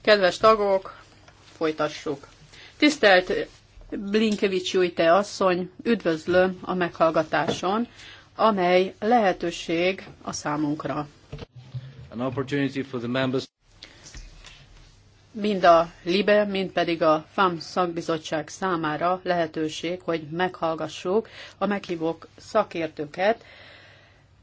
Kedves tagok, folytassuk. Tisztelt Blinkevics Jújte asszony, üdvözlöm a meghallgatáson, amely lehetőség a számunkra. An opportunity for the members mind a LIBE, mind pedig a FAM szakbizottság számára lehetőség, hogy meghallgassuk a meghívók szakértőket,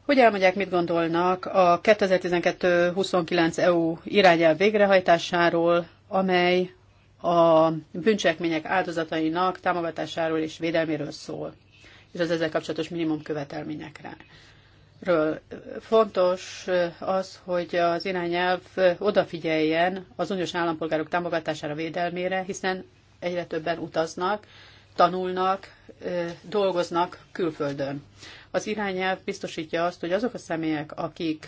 hogy elmondják, mit gondolnak a 2012-29 EU irányel végrehajtásáról, amely a bűncselekmények áldozatainak támogatásáról és védelméről szól, és az ezzel kapcsolatos minimum követelményekre. Ről. Fontos az, hogy az irányelv odafigyeljen az uniós állampolgárok támogatására, védelmére, hiszen egyre többen utaznak, tanulnak, dolgoznak külföldön. Az irányelv biztosítja azt, hogy azok a személyek, akik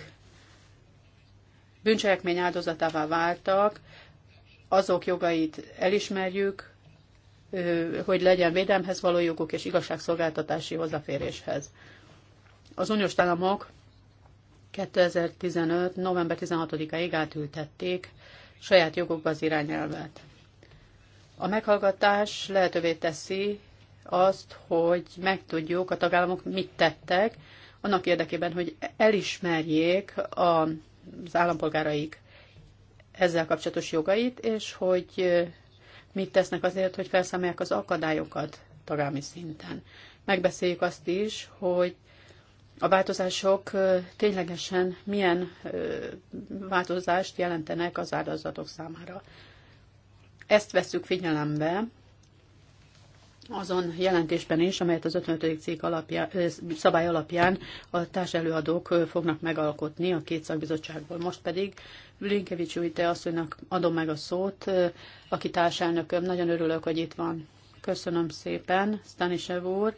bűncselekmény áldozatává váltak, azok jogait elismerjük, hogy legyen védelemhez való joguk és igazságszolgáltatási hozzáféréshez. Az uniós államok 2015. november 16-áig átültették saját jogokba az irányelvet. A meghallgatás lehetővé teszi, azt, hogy megtudjuk a tagállamok mit tettek, annak érdekében, hogy elismerjék az állampolgáraik ezzel kapcsolatos jogait, és hogy mit tesznek azért, hogy felszámolják az akadályokat tagállami szinten. Megbeszéljük azt is, hogy a változások ténylegesen milyen változást jelentenek az áldozatok számára. Ezt vesszük figyelembe azon jelentésben is, amelyet az 55. cikk alapján, szabály alapján a társelőadók fognak megalkotni a két szakbizottságból. Most pedig Linkevics Újte asszonynak adom meg a szót, aki társelnököm. Nagyon örülök, hogy itt van. Köszönöm szépen, Stanisev úr.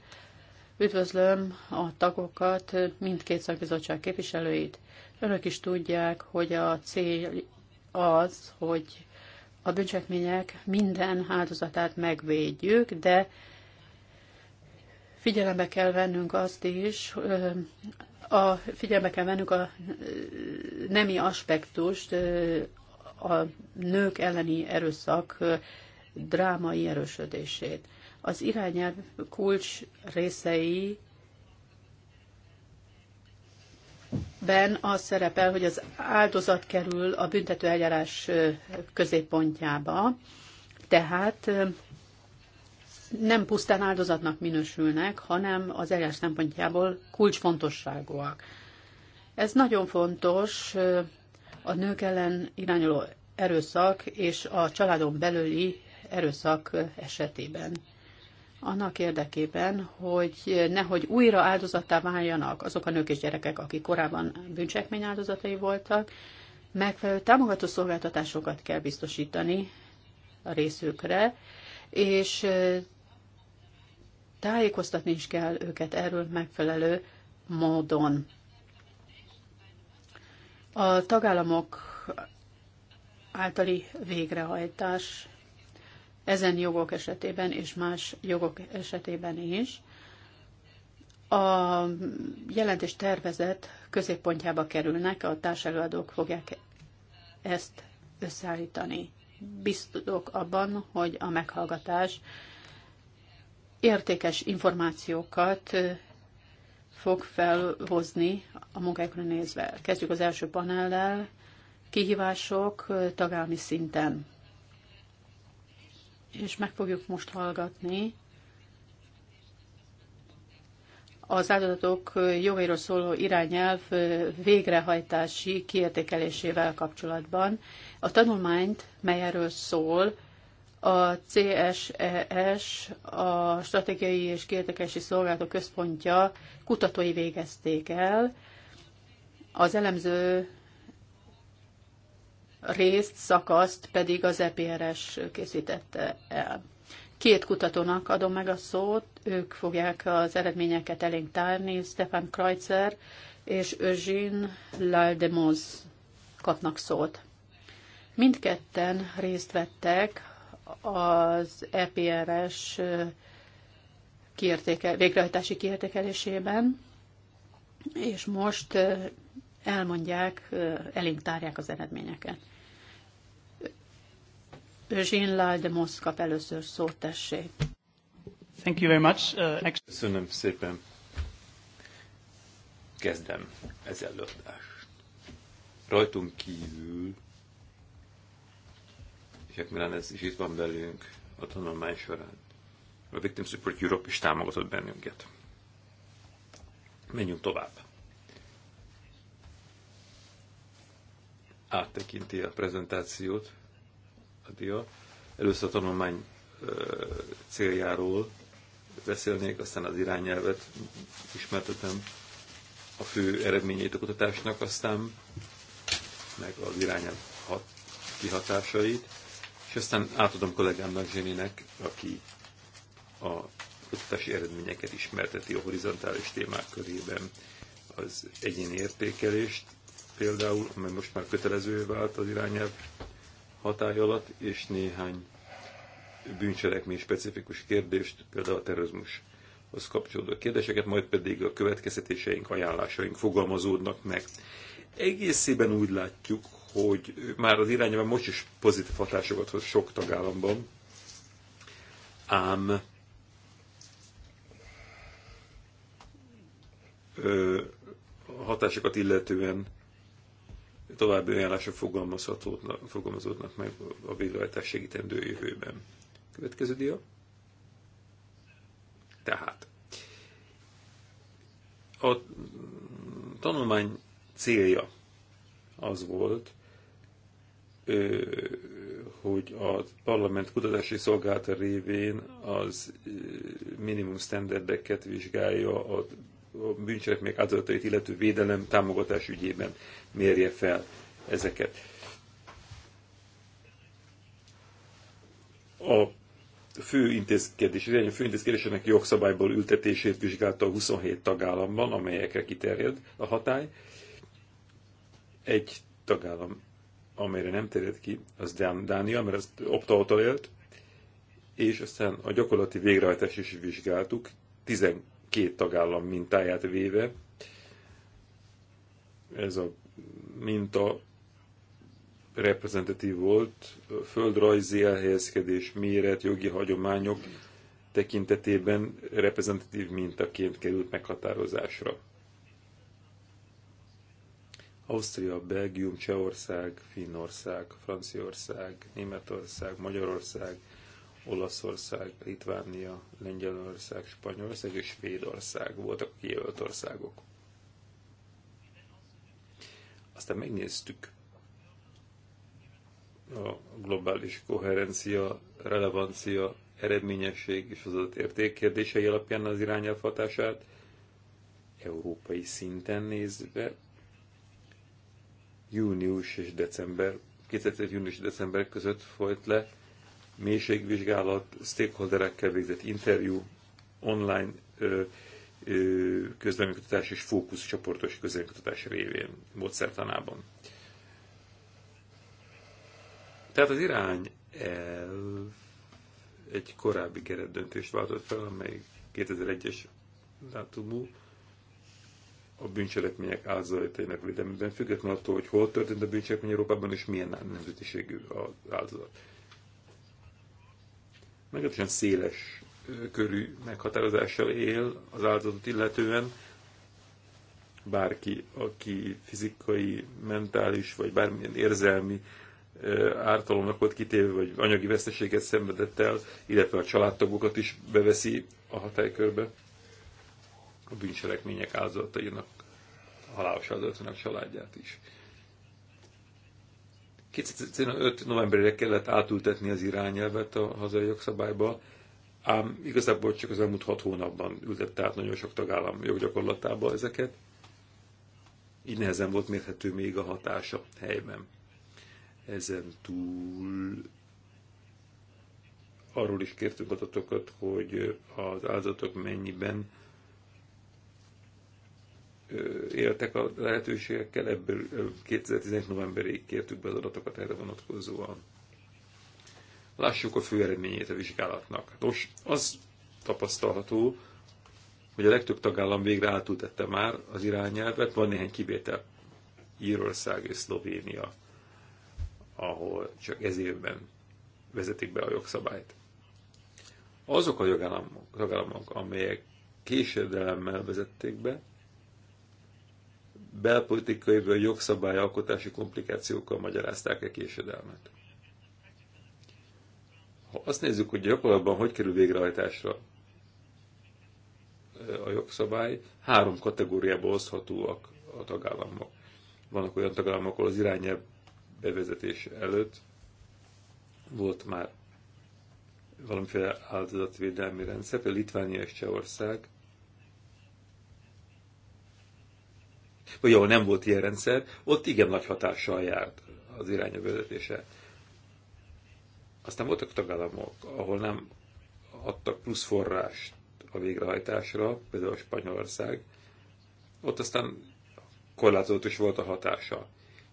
Üdvözlöm a tagokat, mindkét szakbizottság képviselőit. Önök is tudják, hogy a cél az, hogy a bűncsekmények minden áldozatát megvédjük, de figyelembe kell vennünk azt is, a, figyelembe kell vennünk a nemi aspektust, a nők elleni erőszak drámai erősödését. Az irányelv kulcs részei Ben az szerepel, hogy az áldozat kerül a büntető eljárás középpontjába, tehát nem pusztán áldozatnak minősülnek, hanem az eljárás szempontjából kulcsfontosságúak. Ez nagyon fontos a nők ellen irányuló erőszak és a családon belüli erőszak esetében annak érdekében, hogy nehogy újra áldozattá váljanak azok a nők és gyerekek, akik korábban bűncsekmény áldozatai voltak, megfelelő támogató szolgáltatásokat kell biztosítani a részükre, és tájékoztatni is kell őket erről megfelelő módon. A tagállamok általi végrehajtás ezen jogok esetében és más jogok esetében is a jelentés tervezet középpontjába kerülnek, a társadalmadók fogják ezt összeállítani. Biztosok abban, hogy a meghallgatás értékes információkat fog felhozni a munkájukra nézve. Kezdjük az első panellel, kihívások tagállami szinten és meg fogjuk most hallgatni az áldozatok jogairól szóló irányelv végrehajtási kiértékelésével kapcsolatban. A tanulmányt, mely erről szól, a CSES, e a Stratégiai és Kiértékelési Szolgálatok Központja kutatói végezték el. Az elemző részt, szakaszt pedig az EPRS készítette el. Két kutatónak adom meg a szót, ők fogják az eredményeket elénk tárni, Stefan Kreutzer és Eugene Laldemoz kapnak szót. Mindketten részt vettek az EPRS kiértéke, végrehajtási kiértékelésében, és most eh, elmondják, eh, elénk tárják az eredményeket. Jean kap először szót, tessék. Thank you very much. Uh, Köszönöm szépen. Kezdem ez előadást. Rajtunk kívül, és hát Milán ez is itt van velünk a tanulmány során, a Victim Support Europe is támogatott bennünket. Menjünk tovább. Áttekinti a prezentációt díja. Először a tanulmány céljáról beszélnék, aztán az irányelvet ismertetem a fő eredményeit a kutatásnak, aztán meg az irányelv hat, kihatásait, és aztán átadom kollégámnak, Zsénének, aki a kutatási eredményeket ismerteti a horizontális témák körében az egyéni értékelést, például, amely most már kötelezővé vált az irányelv hatály alatt, és néhány bűncselekmény specifikus kérdést, például a terrorizmushoz kapcsolódó kérdéseket, majd pedig a következtetéseink, ajánlásaink fogalmazódnak meg. Egészében úgy látjuk, hogy már az irányában most is pozitív hatásokat hoz sok tagállamban, ám hatásokat illetően további ajánlások fogalmazódnak meg a végrehajtás segítendő jövőben. Következő dia. Tehát a tanulmány célja az volt, hogy a parlament kutatási szolgálata révén az minimum standardeket vizsgálja a bűncselekmények áldozatait illető védelem támogatás ügyében mérje fel ezeket. A fő intézkedés, a fő intézkedésének jogszabályból ültetését vizsgálta a 27 tagállamban, amelyekre kiterjed a hatály. Egy tagállam, amelyre nem terjed ki, az Dánia, mert az opt élt, és aztán a gyakorlati végrehajtást is vizsgáltuk, két tagállam mintáját véve. Ez a minta reprezentatív volt, földrajzi elhelyezkedés, méret, jogi hagyományok tekintetében reprezentatív mintaként került meghatározásra. Ausztria, Belgium, Csehország, Finnország, Franciaország, Németország, Magyarország, Olaszország, Litvánia, Lengyelország, Spanyolország és Svédország voltak a kijelölt országok. Aztán megnéztük a globális koherencia, relevancia, eredményesség és az érték kérdései alapján az irányelvhatását. európai szinten nézve, június és december, 2005. június és december között folyt le mélységvizsgálat, stakeholderekkel végzett interjú, online ö, és fókuszcsoportos közleménykutatás révén, módszertanában. Tehát az irány elv egy korábbi keretdöntést váltott fel, amely 2001-es dátumú a bűncselekmények áldozatainak védelmében, függetlenül attól, hogy hol történt a bűncselekmény Európában, és milyen nemzetiségű az áldozat meglehetősen széles körű meghatározással él az áldozatot illetően. Bárki, aki fizikai, mentális vagy bármilyen érzelmi ártalomnak volt kitéve, vagy anyagi veszteséget szenvedett el, illetve a családtagokat is beveszi a hatálykörbe. A bűncselekmények áldozatainak, a halálos áldozatainak családját is. 2015 novemberére kellett átültetni az irányelvet a hazai jogszabályba, ám igazából csak az elmúlt hat hónapban ültette át nagyon sok tagállam joggyakorlatába ezeket, így nehezen volt mérhető még a hatása helyben. Ezen túl arról is kértünk adatokat, hogy az áldozatok mennyiben éltek a lehetőségekkel, ebből 2011 novemberig kértük be az adatokat erre vonatkozóan. Lássuk a fő eredményét a vizsgálatnak. Nos, az tapasztalható, hogy a legtöbb tagállam végre átültette már az irányelvet, van néhány kivétel, Írország és Szlovénia, ahol csak ez évben vezetik be a jogszabályt. Azok a jogállamok, amelyek késedelemmel vezették be, belpolitikai vagy jogszabályalkotási komplikációkkal magyarázták a késedelmet. Ha azt nézzük, hogy gyakorlatban hogy kerül végrehajtásra a jogszabály, három kategóriába oszthatóak a tagállamok. Vannak olyan tagállamok, ahol az irányelv bevezetés előtt volt már valamiféle áldozatvédelmi rendszer, például Litvánia és Csehország, vagy ahol nem volt ilyen rendszer, ott igen nagy hatással járt az vezetése, Aztán voltak tagállamok, ahol nem adtak plusz forrást a végrehajtásra, például a Spanyolország, ott aztán korlátozott is volt a hatása.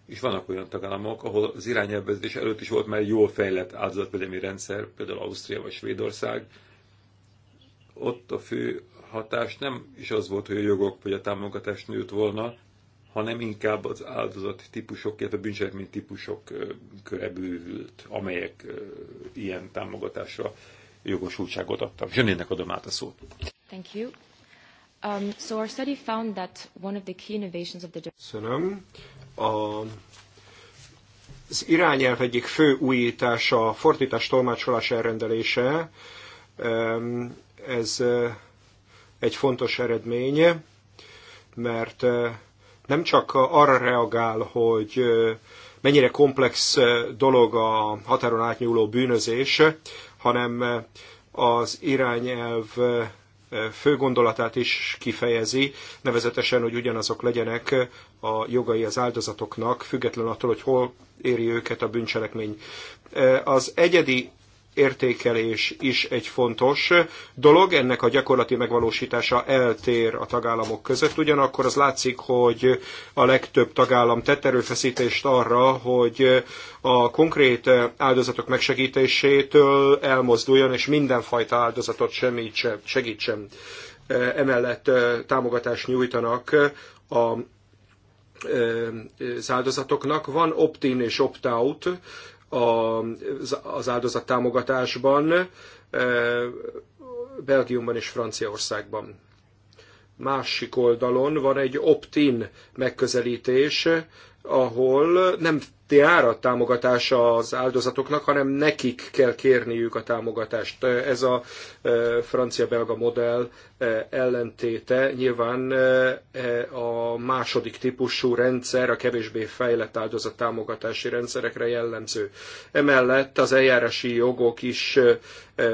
És vannak olyan tagállamok, ahol az irányelvezés előtt is volt már jól fejlett áldozatvédelmi rendszer, például Ausztria vagy Svédország. Ott a fő hatás nem is az volt, hogy a jogok vagy a támogatás nőtt volna, hanem inkább az áldozati típusok, illetve bűncselekmény típusok köre bővült, amelyek ilyen támogatásra jogosultságot adtak. Zsönének adom át a szót. Thank you. Um, so our study found that one of the key innovations of the... Köszönöm. A az irányelv egyik fő újítása a fordítás tolmácsolás elrendelése. Ez egy fontos eredmény, mert nem csak arra reagál, hogy mennyire komplex dolog a határon átnyúló bűnözés, hanem az irányelv fő gondolatát is kifejezi, nevezetesen, hogy ugyanazok legyenek a jogai az áldozatoknak, független attól, hogy hol éri őket a bűncselekmény. Az egyedi értékelés is egy fontos dolog. Ennek a gyakorlati megvalósítása eltér a tagállamok között, ugyanakkor az látszik, hogy a legtöbb tagállam tett erőfeszítést arra, hogy a konkrét áldozatok megsegítésétől elmozduljon, és mindenfajta áldozatot semítse, segítsen. Emellett támogatást nyújtanak a az áldozatoknak. Van opt-in és opt-out az áldozat támogatásban, e, Belgiumban és Franciaországban. Másik oldalon van egy opt-in megközelítés, ahol nem jár támogatása az áldozatoknak, hanem nekik kell kérniük a támogatást. Ez a e, francia-belga modell e, ellentéte. Nyilván e, a második típusú rendszer, a kevésbé fejlett áldozat támogatási rendszerekre jellemző. Emellett az eljárási jogok is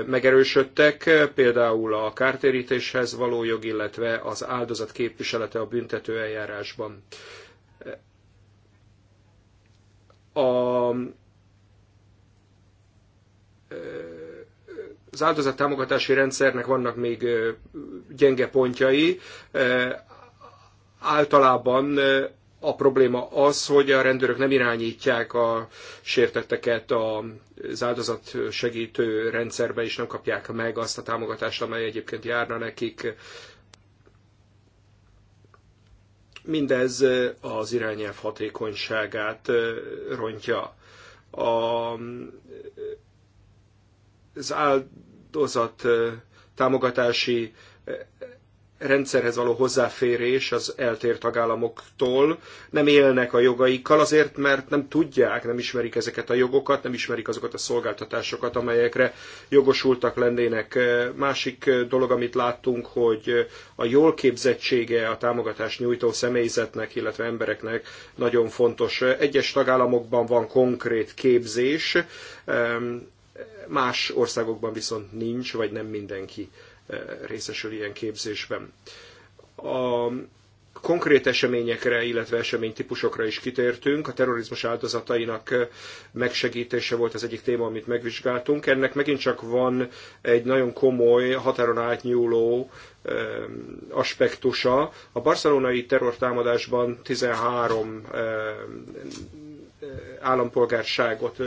megerősödtek, például a kártérítéshez való jog, illetve az áldozat képviselete a büntető eljárásban a, az áldozat támogatási rendszernek vannak még gyenge pontjai. Általában a probléma az, hogy a rendőrök nem irányítják a sértetteket az áldozat segítő rendszerbe, és nem kapják meg azt a támogatást, amely egyébként járna nekik. Mindez az irányelv hatékonyságát rontja. A, az áldozat támogatási rendszerhez való hozzáférés az eltér tagállamoktól, nem élnek a jogaikkal azért, mert nem tudják, nem ismerik ezeket a jogokat, nem ismerik azokat a szolgáltatásokat, amelyekre jogosultak lennének. Másik dolog, amit láttunk, hogy a jól képzettsége a támogatás nyújtó személyzetnek, illetve embereknek nagyon fontos. Egyes tagállamokban van konkrét képzés, más országokban viszont nincs, vagy nem mindenki részesül ilyen képzésben. A konkrét eseményekre, illetve eseménytípusokra is kitértünk. A terrorizmus áldozatainak megsegítése volt az egyik téma, amit megvizsgáltunk. Ennek megint csak van egy nagyon komoly, határon átnyúló aspektusa. A barcelonai terrortámadásban 13 állampolgárságot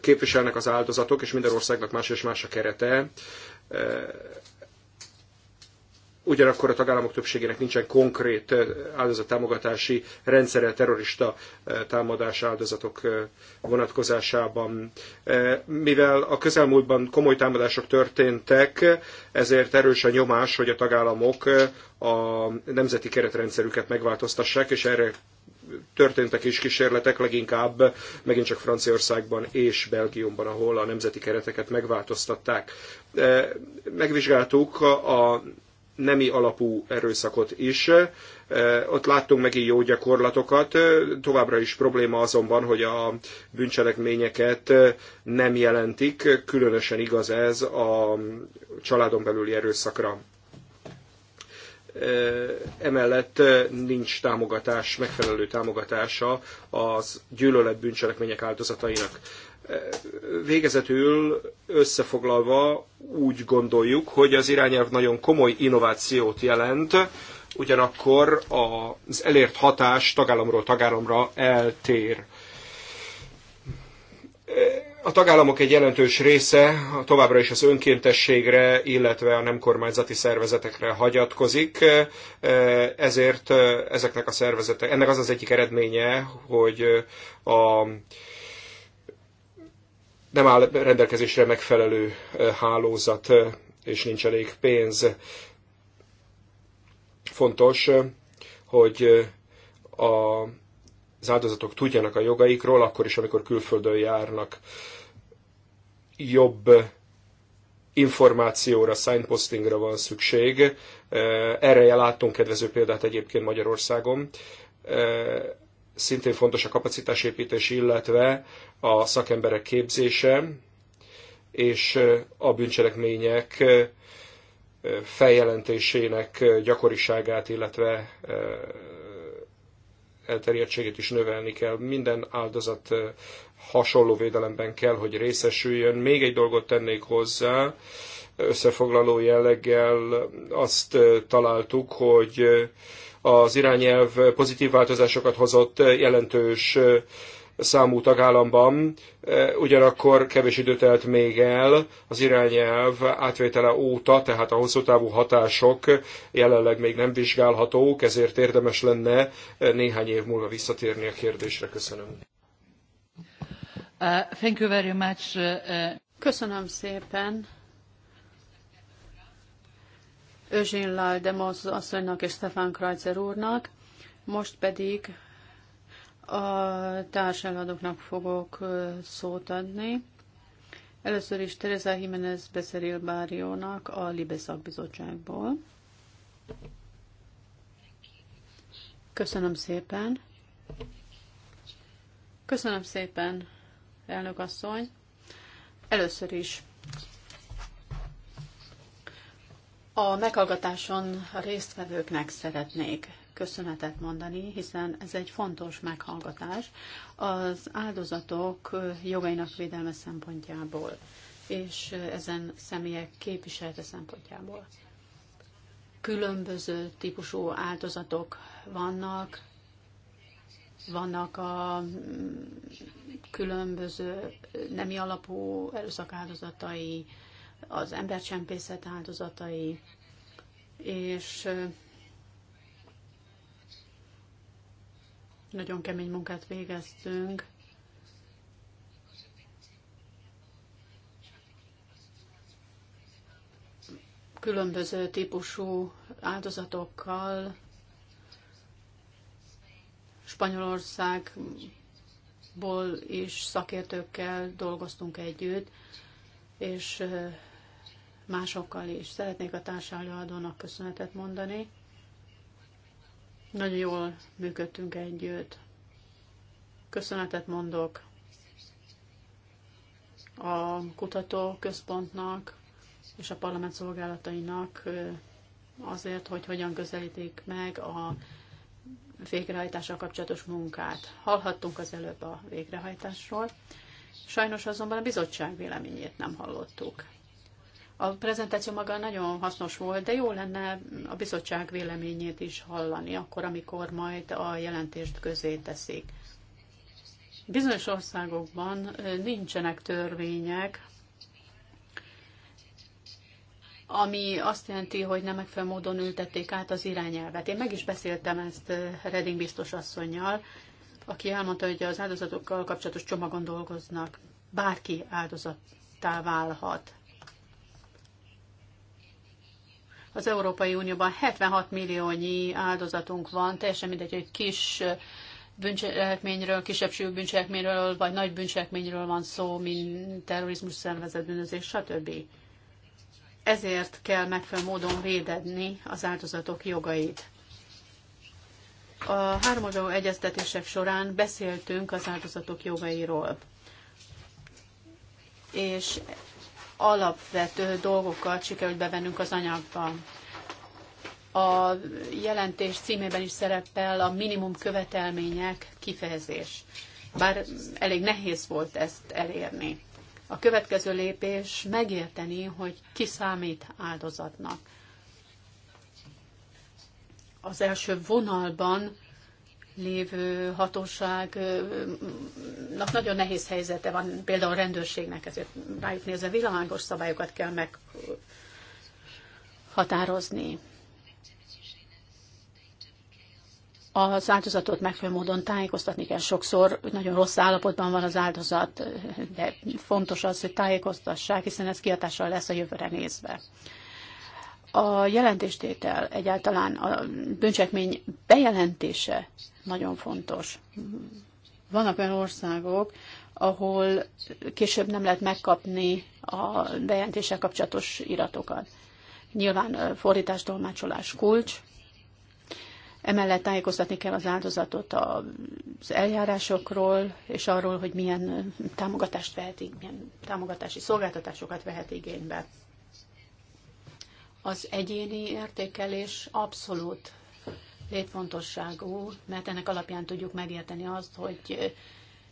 képviselnek az áldozatok, és minden országnak más és más a kerete. Ugyanakkor a tagállamok többségének nincsen konkrét áldozattámogatási rendszere a terrorista támadás áldozatok vonatkozásában. Mivel a közelmúltban komoly támadások történtek, ezért erős a nyomás, hogy a tagállamok a nemzeti keretrendszerüket megváltoztassák, és erre történtek is kísérletek, leginkább megint csak Franciaországban és Belgiumban, ahol a nemzeti kereteket megváltoztatták. E, megvizsgáltuk a nemi alapú erőszakot is. E, ott láttunk megint jó gyakorlatokat. E, továbbra is probléma azonban, hogy a bűncselekményeket nem jelentik. Különösen igaz ez a családon belüli erőszakra emellett nincs támogatás, megfelelő támogatása az gyűlölet bűncselekmények áldozatainak. Végezetül összefoglalva úgy gondoljuk, hogy az irányelv nagyon komoly innovációt jelent, ugyanakkor az elért hatás tagállamról tagállamra eltér a tagállamok egy jelentős része továbbra is az önkéntességre, illetve a nem kormányzati szervezetekre hagyatkozik, ezért eh, ezeknek a szervezetek, ennek az az egyik eredménye, hogy eh, a nem áll rendelkezésre megfelelő eh, hálózat, és nincs elég pénz. Fontos, hogy a az áldozatok tudjanak a jogaikról, akkor is, amikor külföldön járnak. Jobb információra, signpostingra van szükség. Erre láttunk kedvező példát egyébként Magyarországon. Szintén fontos a kapacitásépítés, illetve a szakemberek képzése és a bűncselekmények feljelentésének gyakoriságát, illetve elterjedtségét is növelni kell. Minden áldozat hasonló védelemben kell, hogy részesüljön. Még egy dolgot tennék hozzá, összefoglaló jelleggel azt találtuk, hogy az irányelv pozitív változásokat hozott, jelentős számú tagállamban, e, ugyanakkor kevés idő telt még el az irányelv átvétele óta, tehát a hosszú távú hatások jelenleg még nem vizsgálhatók, ezért érdemes lenne e, néhány év múlva visszatérni a kérdésre. Köszönöm. Uh, thank you very much. Uh, uh. Köszönöm szépen. Özsin Lajdemoz asszonynak és Stefan Krajcer úrnak. Most pedig a társadalmadoknak fogok szót adni. Először is Teresa Jiménez beszél Báriónak a Libe szakbizottságból. Köszönöm szépen. Köszönöm szépen, elnök asszony. Először is a meghallgatáson résztvevőknek szeretnék köszönetet mondani, hiszen ez egy fontos meghallgatás az áldozatok jogainak védelme szempontjából, és ezen személyek képviselete szempontjából. Különböző típusú áldozatok vannak, vannak a mm, különböző nemi alapú erőszak áldozatai, az embercsempészet áldozatai, és Nagyon kemény munkát végeztünk. Különböző típusú áldozatokkal Spanyolországból is szakértőkkel dolgoztunk együtt, és másokkal is. Szeretnék a társadalmi köszönetet mondani. Nagyon jól működtünk együtt. Köszönetet mondok a kutatóközpontnak és a parlament szolgálatainak azért, hogy hogyan közelítik meg a végrehajtással kapcsolatos munkát. Hallhattunk az előbb a végrehajtásról, sajnos azonban a bizottság véleményét nem hallottuk. A prezentáció maga nagyon hasznos volt, de jó lenne a bizottság véleményét is hallani, akkor, amikor majd a jelentést közé teszik. Bizonyos országokban nincsenek törvények, ami azt jelenti, hogy nem megfelelő módon ültették át az irányelvet. Én meg is beszéltem ezt Reding biztos asszonynal, aki elmondta, hogy az áldozatokkal kapcsolatos csomagon dolgoznak. Bárki áldozattá válhat. Az Európai Unióban 76 milliónyi áldozatunk van, teljesen mindegy, hogy kis bűncselekményről, kisebbségű bűncselekményről, vagy nagy bűncselekményről van szó, mint terrorizmus, szervezett bűnözés, stb. Ezért kell megfelelő módon védeni az áldozatok jogait. A háromoldalú egyeztetések során beszéltünk az áldozatok jogairól, és alapvető dolgokat sikerült bevennünk az anyagba. A jelentés címében is szerepel a minimum követelmények kifejezés. Bár elég nehéz volt ezt elérni. A következő lépés megérteni, hogy ki számít áldozatnak. Az első vonalban lévő hatóságnak nagyon nehéz helyzete van, például a rendőrségnek, ezért rájuk nézve világos szabályokat kell meghatározni. Az áldozatot megfelelő módon tájékoztatni kell. Sokszor nagyon rossz állapotban van az áldozat, de fontos az, hogy tájékoztassák, hiszen ez kiatással lesz a jövőre nézve a jelentéstétel egyáltalán, a bűncsekmény bejelentése nagyon fontos. Vannak olyan országok, ahol később nem lehet megkapni a bejelentéssel kapcsolatos iratokat. Nyilván fordítás, tolmácsolás kulcs. Emellett tájékoztatni kell az áldozatot az eljárásokról, és arról, hogy milyen támogatást vehet, milyen támogatási szolgáltatásokat vehet igénybe. Az egyéni értékelés abszolút létfontosságú, mert ennek alapján tudjuk megérteni azt, hogy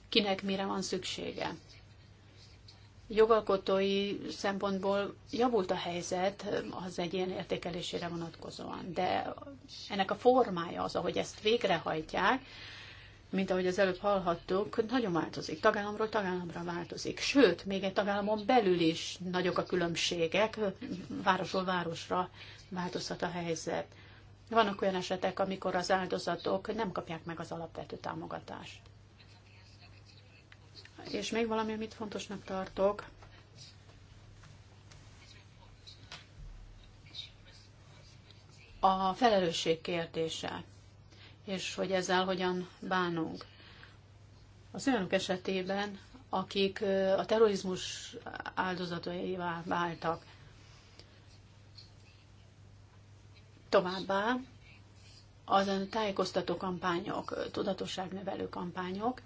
kinek mire van szüksége. Jogalkotói szempontból javult a helyzet az egyén értékelésére vonatkozóan, de ennek a formája az, ahogy ezt végrehajtják, mint ahogy az előbb hallhattuk, nagyon változik. Tagállamról tagállamra változik. Sőt, még egy tagállamon belül is nagyok a különbségek, városról városra változhat a helyzet. Vannak olyan esetek, amikor az áldozatok nem kapják meg az alapvető támogatást. És még valami, amit fontosnak tartok, a felelősség kérdése és hogy ezzel hogyan bánunk. Az olyanok esetében, akik a terrorizmus áldozataivá váltak. Továbbá az a tájékoztató kampányok, tudatosságnevelő kampányok,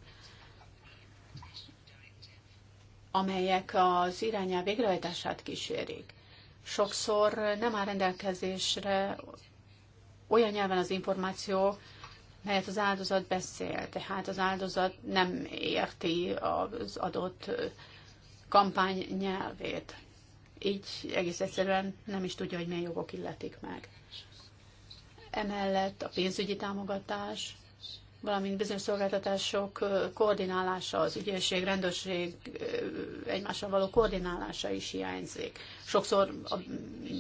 amelyek az irányá végrehajtását kísérik. Sokszor nem áll rendelkezésre olyan nyelven az információ, mert az áldozat beszél. Tehát az áldozat nem érti az adott kampány nyelvét. Így egész egyszerűen nem is tudja, hogy milyen jogok illetik meg. Emellett a pénzügyi támogatás valamint bizonyos szolgáltatások koordinálása, az ügyészség, rendőrség egymással való koordinálása is hiányzik. Sokszor a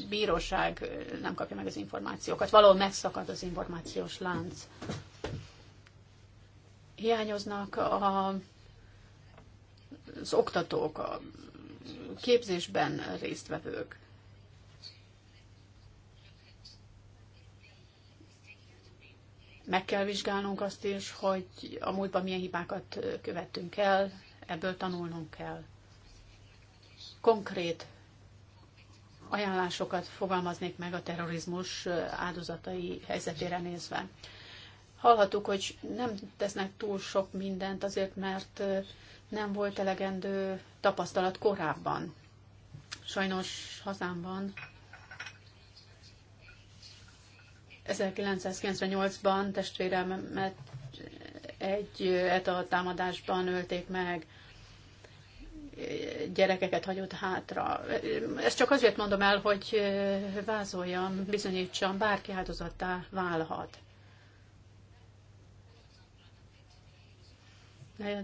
bíróság nem kapja meg az információkat, valahol megszakad az információs lánc. Hiányoznak a, az oktatók, a képzésben résztvevők. Meg kell vizsgálnunk azt is, hogy a múltban milyen hibákat követtünk el, ebből tanulnunk kell. Konkrét ajánlásokat fogalmaznék meg a terrorizmus áldozatai helyzetére nézve. Hallhattuk, hogy nem tesznek túl sok mindent azért, mert nem volt elegendő tapasztalat korábban. Sajnos hazámban 1998-ban testvéremet egy ETA támadásban ölték meg, gyerekeket hagyott hátra. Ezt csak azért mondom el, hogy vázoljam, bizonyítsam, bárki áldozattá válhat.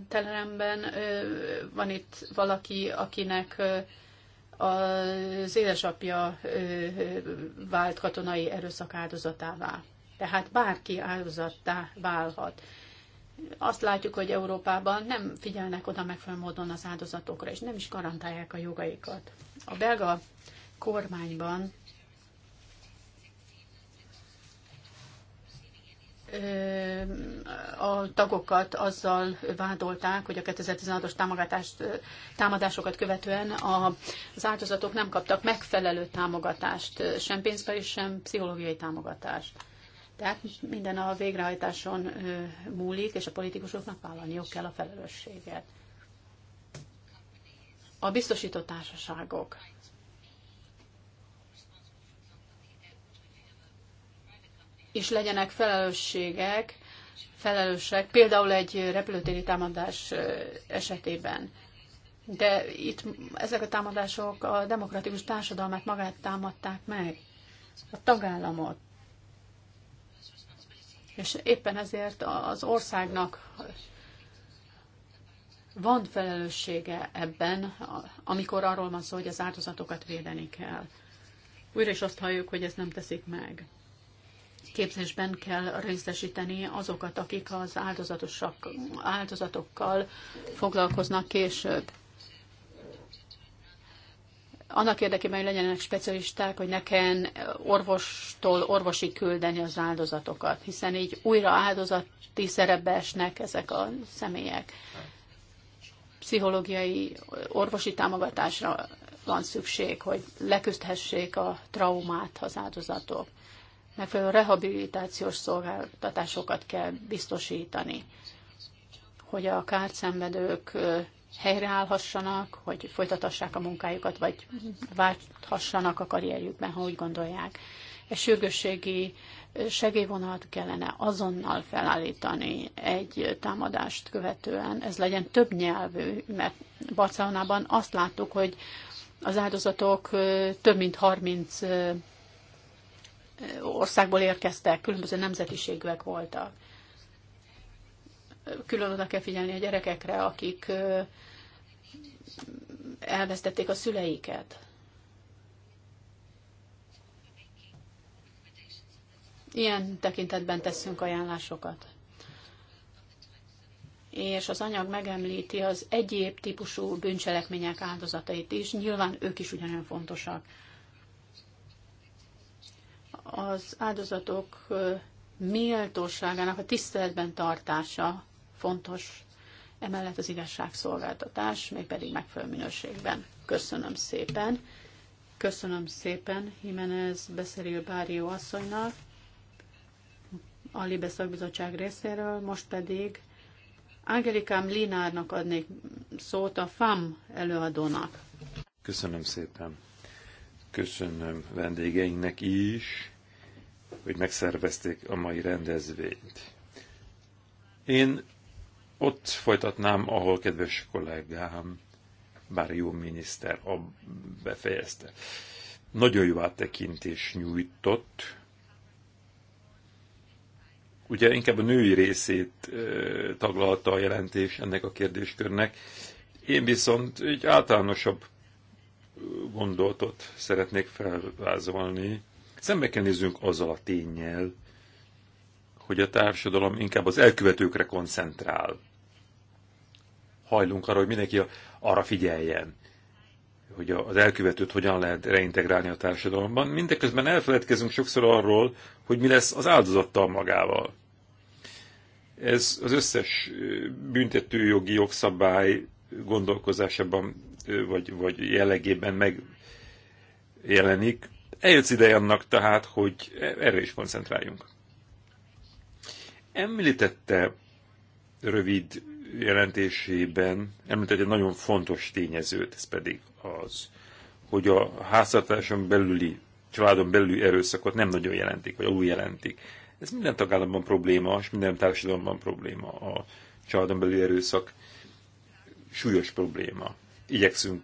Telenemben van itt valaki, akinek az édesapja vált katonai erőszak áldozatává. Tehát bárki áldozattá válhat. Azt látjuk, hogy Európában nem figyelnek oda megfelelő módon az áldozatokra, és nem is garantálják a jogaikat. A belga kormányban a tagokat azzal vádolták, hogy a 2016-os támogatást, támadásokat követően az áldozatok nem kaptak megfelelő támogatást, sem pénzbeli, sem pszichológiai támogatást. Tehát minden a végrehajtáson múlik, és a politikusoknak vállalniuk kell a felelősséget. A biztosított társaságok is legyenek felelősségek, felelősek, például egy repülőtéri támadás esetében. De itt ezek a támadások a demokratikus társadalmat magát támadták meg, a tagállamot. És éppen ezért az országnak van felelőssége ebben, amikor arról van szó, hogy az áldozatokat védeni kell. Újra is azt halljuk, hogy ezt nem teszik meg képzésben kell részesíteni azokat, akik az áldozatosak, áldozatokkal foglalkoznak később. Annak érdekében, hogy legyenek specialisták, hogy ne kelljen orvostól orvosi küldeni az áldozatokat, hiszen így újra áldozati szerepbe esnek ezek a személyek. Pszichológiai, orvosi támogatásra van szükség, hogy leküzdhessék a traumát az áldozatok megfelelő rehabilitációs szolgáltatásokat kell biztosítani, hogy a szenvedők helyreállhassanak, hogy folytathassák a munkájukat, vagy válthassanak a karrierjükben, ha úgy gondolják. Egy sürgősségi segélyvonalat kellene azonnal felállítani egy támadást követően. Ez legyen több nyelvű, mert Barcelonában azt láttuk, hogy az áldozatok több mint 30 országból érkeztek, különböző nemzetiségűek voltak. Külön oda kell figyelni a gyerekekre, akik elvesztették a szüleiket. Ilyen tekintetben teszünk ajánlásokat. És az anyag megemlíti az egyéb típusú bűncselekmények áldozatait is, nyilván ők is ugyanolyan fontosak az áldozatok méltóságának a tiszteletben tartása fontos, emellett az igazságszolgáltatás, mégpedig megfelelő minőségben. Köszönöm szépen. Köszönöm szépen Jimenez Beszeril Bárió asszonynak a Libes szakbizottság részéről, most pedig Angelikám Linárnak adnék szót a FAM előadónak. Köszönöm szépen. Köszönöm vendégeinknek is hogy megszervezték a mai rendezvényt. Én ott folytatnám, ahol kedves kollégám, bár jó miniszter, a befejezte. Nagyon jó áttekintés nyújtott. Ugye inkább a női részét taglalta a jelentés ennek a kérdéskörnek. Én viszont egy általánosabb gondolatot szeretnék felvázolni Szembe kell nézzünk azzal a tényel, hogy a társadalom inkább az elkövetőkre koncentrál. Hajlunk arra, hogy mindenki arra figyeljen, hogy az elkövetőt hogyan lehet reintegrálni a társadalomban. Mindeközben elfeledkezünk sokszor arról, hogy mi lesz az áldozattal magával. Ez az összes büntetőjogi jogszabály gondolkozásában vagy, vagy jellegében megjelenik, Eljött ideje annak tehát, hogy erre is koncentráljunk. Említette rövid jelentésében, említette egy nagyon fontos tényezőt, ez pedig az, hogy a háztartáson belüli, családon belüli erőszakot nem nagyon jelentik, vagy alul jelentik. Ez minden tagállamban probléma, és minden társadalomban probléma. A családon belüli erőszak súlyos probléma. Igyekszünk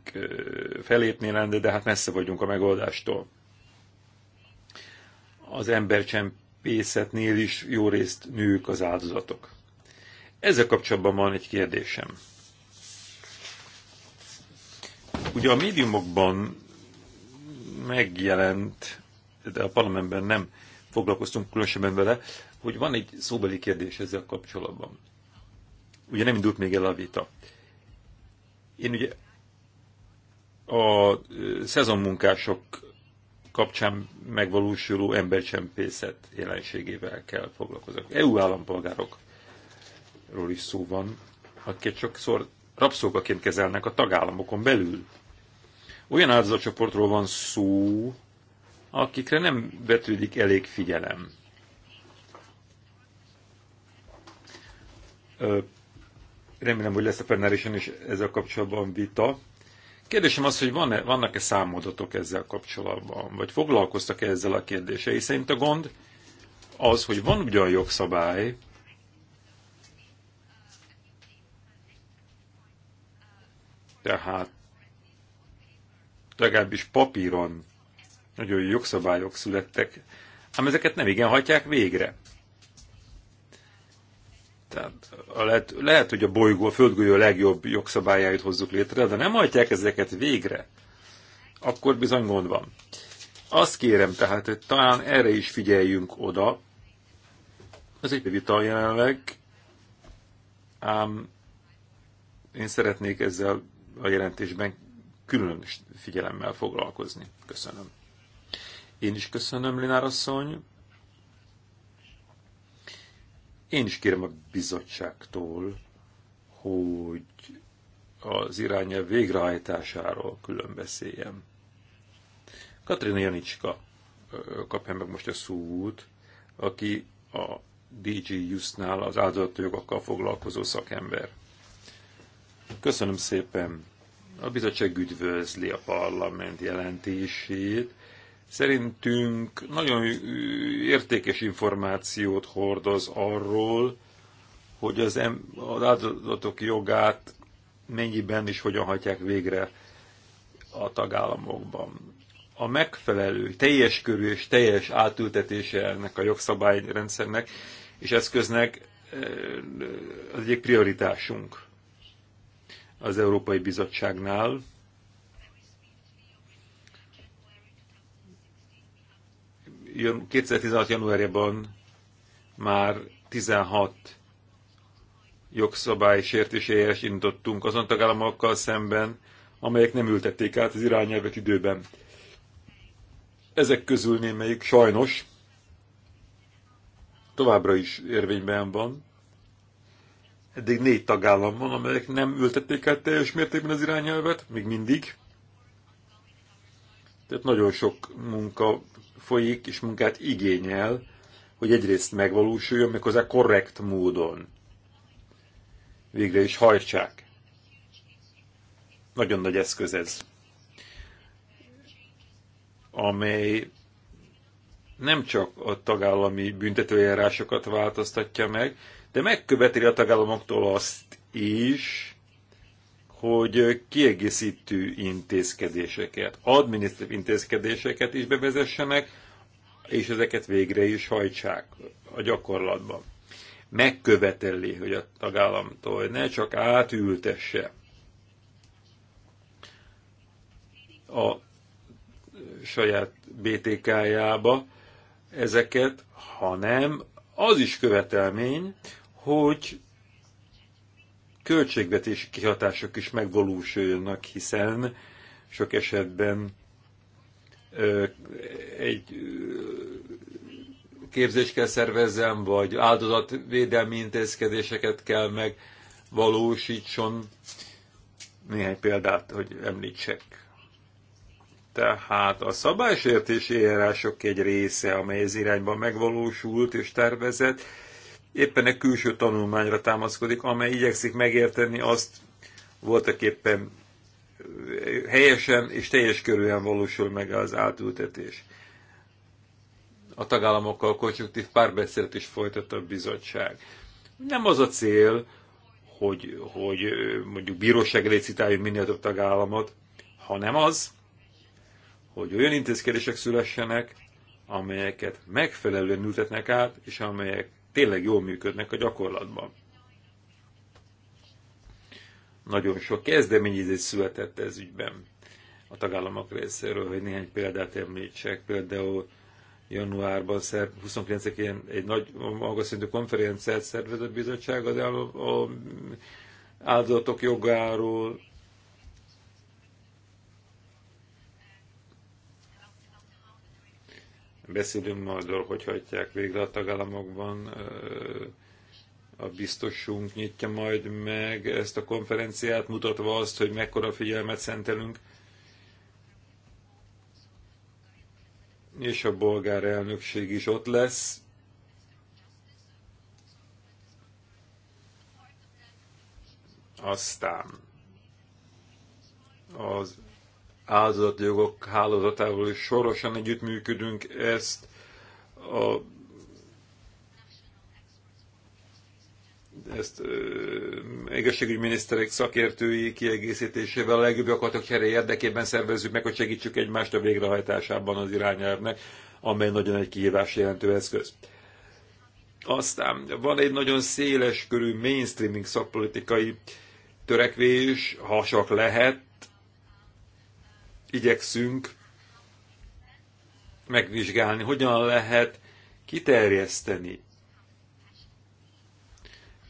felépni lenne, de hát messze vagyunk a megoldástól az embercsempészetnél is jó részt nők az áldozatok. Ezzel kapcsolatban van egy kérdésem. Ugye a médiumokban megjelent, de a parlamentben nem foglalkoztunk különösebben vele, hogy van egy szóbeli kérdés ezzel kapcsolatban. Ugye nem indult még el a vita. Én ugye a szezonmunkások kapcsán megvalósuló embercsempészet jelenségével kell foglalkozok. EU állampolgárokról is szó van, akiket sokszor rabszolgaként kezelnek a tagállamokon belül. Olyan áldozatcsoportról van szó, akikre nem vetődik elég figyelem. Remélem, hogy lesz a plenárison is ezzel kapcsolatban vita. Kérdésem az, hogy van-e, vannak-e számodatok ezzel kapcsolatban, vagy foglalkoztak-e ezzel a kérdéssel? És szerint a gond az, hogy van ugyan jogszabály, tehát legalábbis papíron nagyon jó jogszabályok születtek, ám ezeket nem igen hagyják végre. Tehát lehet, lehet, hogy a bolygó, a földgolyó legjobb jogszabályait hozzuk létre, de nem hajtják ezeket végre, akkor bizony gond van. Azt kérem tehát, hogy talán erre is figyeljünk oda. Ez egy vita jelenleg, ám én szeretnék ezzel a jelentésben különös figyelemmel foglalkozni. Köszönöm. Én is köszönöm, Linár asszony. Én is kérem a bizottságtól, hogy az irányelv végrehajtásáról külön beszéljem. Katrina Janicska kapja meg most a szót, aki a DG Justnál az áldozatjogokkal foglalkozó szakember. Köszönöm szépen! A bizottság üdvözli a parlament jelentését, Szerintünk nagyon értékes információt hordoz arról, hogy az, em- az áldozatok jogát mennyiben is hogyan hagyják végre a tagállamokban. A megfelelő, teljes körű és teljes átültetése ennek a jogszabályrendszernek és eszköznek az egyik prioritásunk az Európai Bizottságnál, 2016. januárjában már 16 jogszabály sértéséhez indítottunk azon tagállamokkal szemben, amelyek nem ültették át az irányelvet időben. Ezek közül némelyik sajnos továbbra is érvényben van. Eddig négy tagállam van, amelyek nem ültették át teljes mértékben az irányelvet, még mindig. Tehát nagyon sok munka folyik és munkát igényel, hogy egyrészt megvalósuljon, méghozzá korrekt módon. Végre is hajtsák. Nagyon nagy eszköz ez, amely nem csak a tagállami büntetőjárásokat változtatja meg, de megköveteli a tagállamoktól azt is, hogy kiegészítő intézkedéseket, adminisztratív intézkedéseket is bevezessenek, és ezeket végre is hajtsák a gyakorlatban. Megköveteli, hogy a tagállamtól hogy ne csak átültesse a saját BTK-jába ezeket, hanem az is követelmény, hogy költségvetési kihatások is megvalósulnak hiszen sok esetben egy képzést kell szervezzem, vagy áldozatvédelmi intézkedéseket kell megvalósítson. Néhány példát, hogy említsek. Tehát a szabálysértési eljárások egy része, amely ez irányban megvalósult és tervezett, éppen egy külső tanulmányra támaszkodik, amely igyekszik megérteni azt voltak éppen helyesen és teljes körülön valósul meg az átültetés. A tagállamokkal konstruktív párbeszédet is folytat a bizottság. Nem az a cél, hogy, hogy mondjuk bíróság elé minél több tagállamot, hanem az, hogy olyan intézkedések szülessenek, amelyeket megfelelően ültetnek át, és amelyek tényleg jól működnek a gyakorlatban. Nagyon sok kezdeményezés született ez ügyben a tagállamok részéről, hogy néhány példát említsek. Például januárban, 29-én egy nagy magas szintű konferenciát szervezett bizottság az áldozatok jogáról, Beszélünk majd arról, hogy hagyják végre a tagállamokban. A biztosunk nyitja majd meg ezt a konferenciát, mutatva azt, hogy mekkora figyelmet szentelünk. És a bolgár elnökség is ott lesz. Aztán az áldozatjogok hálózatával is sorosan együttműködünk ezt a ezt e, egészségügyi miniszterek szakértői kiegészítésével a legjobb akartok csere érdekében szervezzük meg, hogy segítsük egymást a végrehajtásában az irányelvnek, amely nagyon egy kihívás jelentő eszköz. Aztán van egy nagyon széles körű mainstreaming szakpolitikai törekvés, ha csak lehet, igyekszünk megvizsgálni, hogyan lehet kiterjeszteni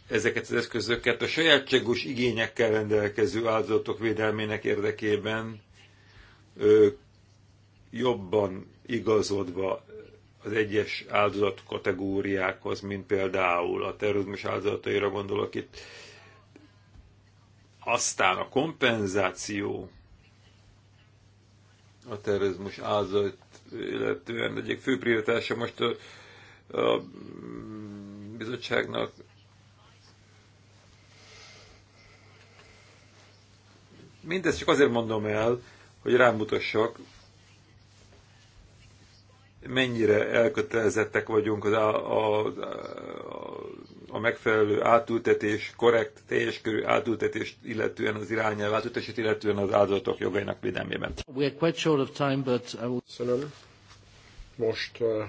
ezeket az eszközöket a sajátságos igényekkel rendelkező áldozatok védelmének érdekében ö, jobban igazodva az egyes áldozat kategóriákhoz, mint például a terrorizmus áldozataira gondolok itt. Aztán a kompenzáció a terrorizmus áldozat illetően egyik fő prioritása most a, a bizottságnak mindezt csak azért mondom el, hogy rámutassak, mennyire elkötelezettek vagyunk az, a, a, a, a megfelelő átültetés, korrekt, teljes körű átültetés illetően az irányelv átültetését, illetően az áldozatok jogainak védelmében. Köszönöm. Most uh,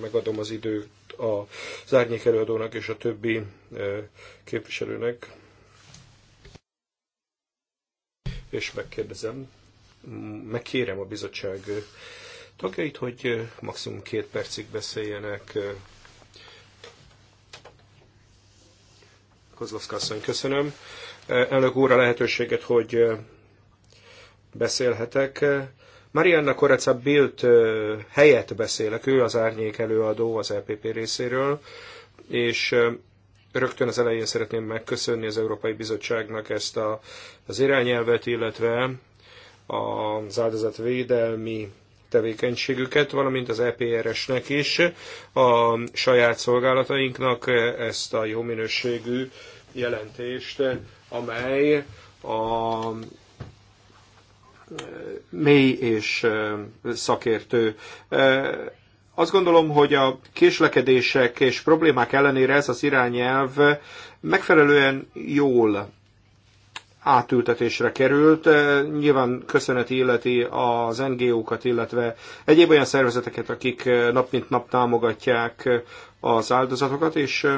megadom az időt az árnyék előadónak és a többi uh, képviselőnek. És megkérdezem, megkérem a bizottság uh, tagjait, hogy maximum két percig beszéljenek Kozlovszka asszony, köszönöm. Eh, elnök úr, a lehetőséget, hogy eh, beszélhetek. Eh, Marianna Koreca Bilt helyett beszélek, ő az árnyék előadó az LPP e részéről, és rögtön az elején szeretném megköszönni az Európai Bizottságnak ezt a, az irányelvet, illetve az áldozatvédelmi tevékenységüket, valamint az EPRS-nek is, a saját szolgálatainknak ezt a jó minőségű jelentést, amely a mély és szakértő. Azt gondolom, hogy a késlekedések és problémák ellenére ez az irányelv megfelelően jól átültetésre került. Eh, nyilván köszönet illeti az NGO-kat, illetve egyéb olyan szervezeteket, akik eh, nap mint nap támogatják eh, az áldozatokat, és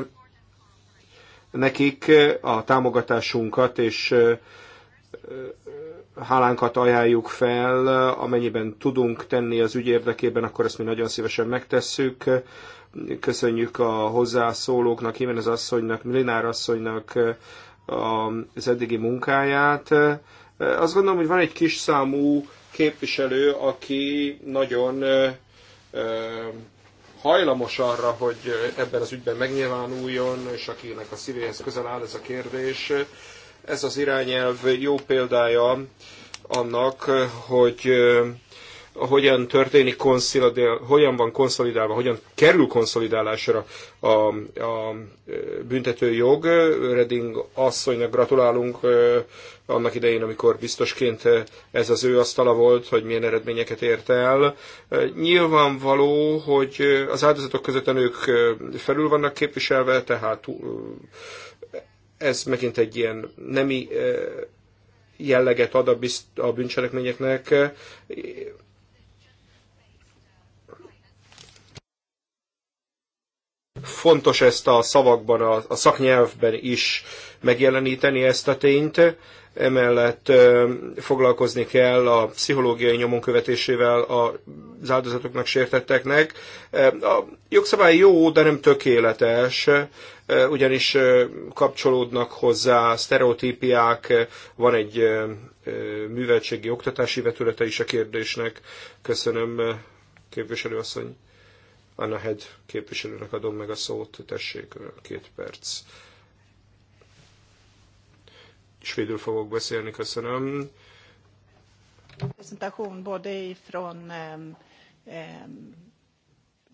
nekik a támogatásunkat és hálánkat ajánljuk fel, amennyiben tudunk tenni az ügy érdekében, akkor ezt mi nagyon szívesen megtesszük. Köszönjük a hozzászólóknak, Jimenez asszonynak, Linár asszonynak, az eddigi munkáját. Azt gondolom, hogy van egy kis számú képviselő, aki nagyon hajlamos arra, hogy ebben az ügyben megnyilvánuljon, és akinek a szívéhez közel áll ez a kérdés. Ez az irányelv jó példája annak, hogy hogyan történik hogyan van konszolidálva, hogyan kerül konszolidálásra a, a e, büntetőjog. Reding asszonynak gratulálunk e, annak idején, amikor biztosként ez az ő asztala volt, hogy milyen eredményeket ért el. E, nyilvánvaló, hogy az áldozatok között a nők felül vannak képviselve, tehát ez megint egy ilyen nemi jelleget ad a, bizt, a bűncselekményeknek. Fontos ezt a szavakban, a, a szaknyelvben is megjeleníteni ezt a tényt. Emellett foglalkozni kell a pszichológiai nyomon követésével az áldozatoknak, sértetteknek. A jogszabály jó, de nem tökéletes, ugyanis kapcsolódnak hozzá sztereotípiák, van egy műveltségi oktatási vetülete is a kérdésnek. Köszönöm, képviselőasszony. Anna Head képviselőnek adom meg a szót, tessék, két perc. Svédül fogok beszélni, köszönöm. Presentation både ifrån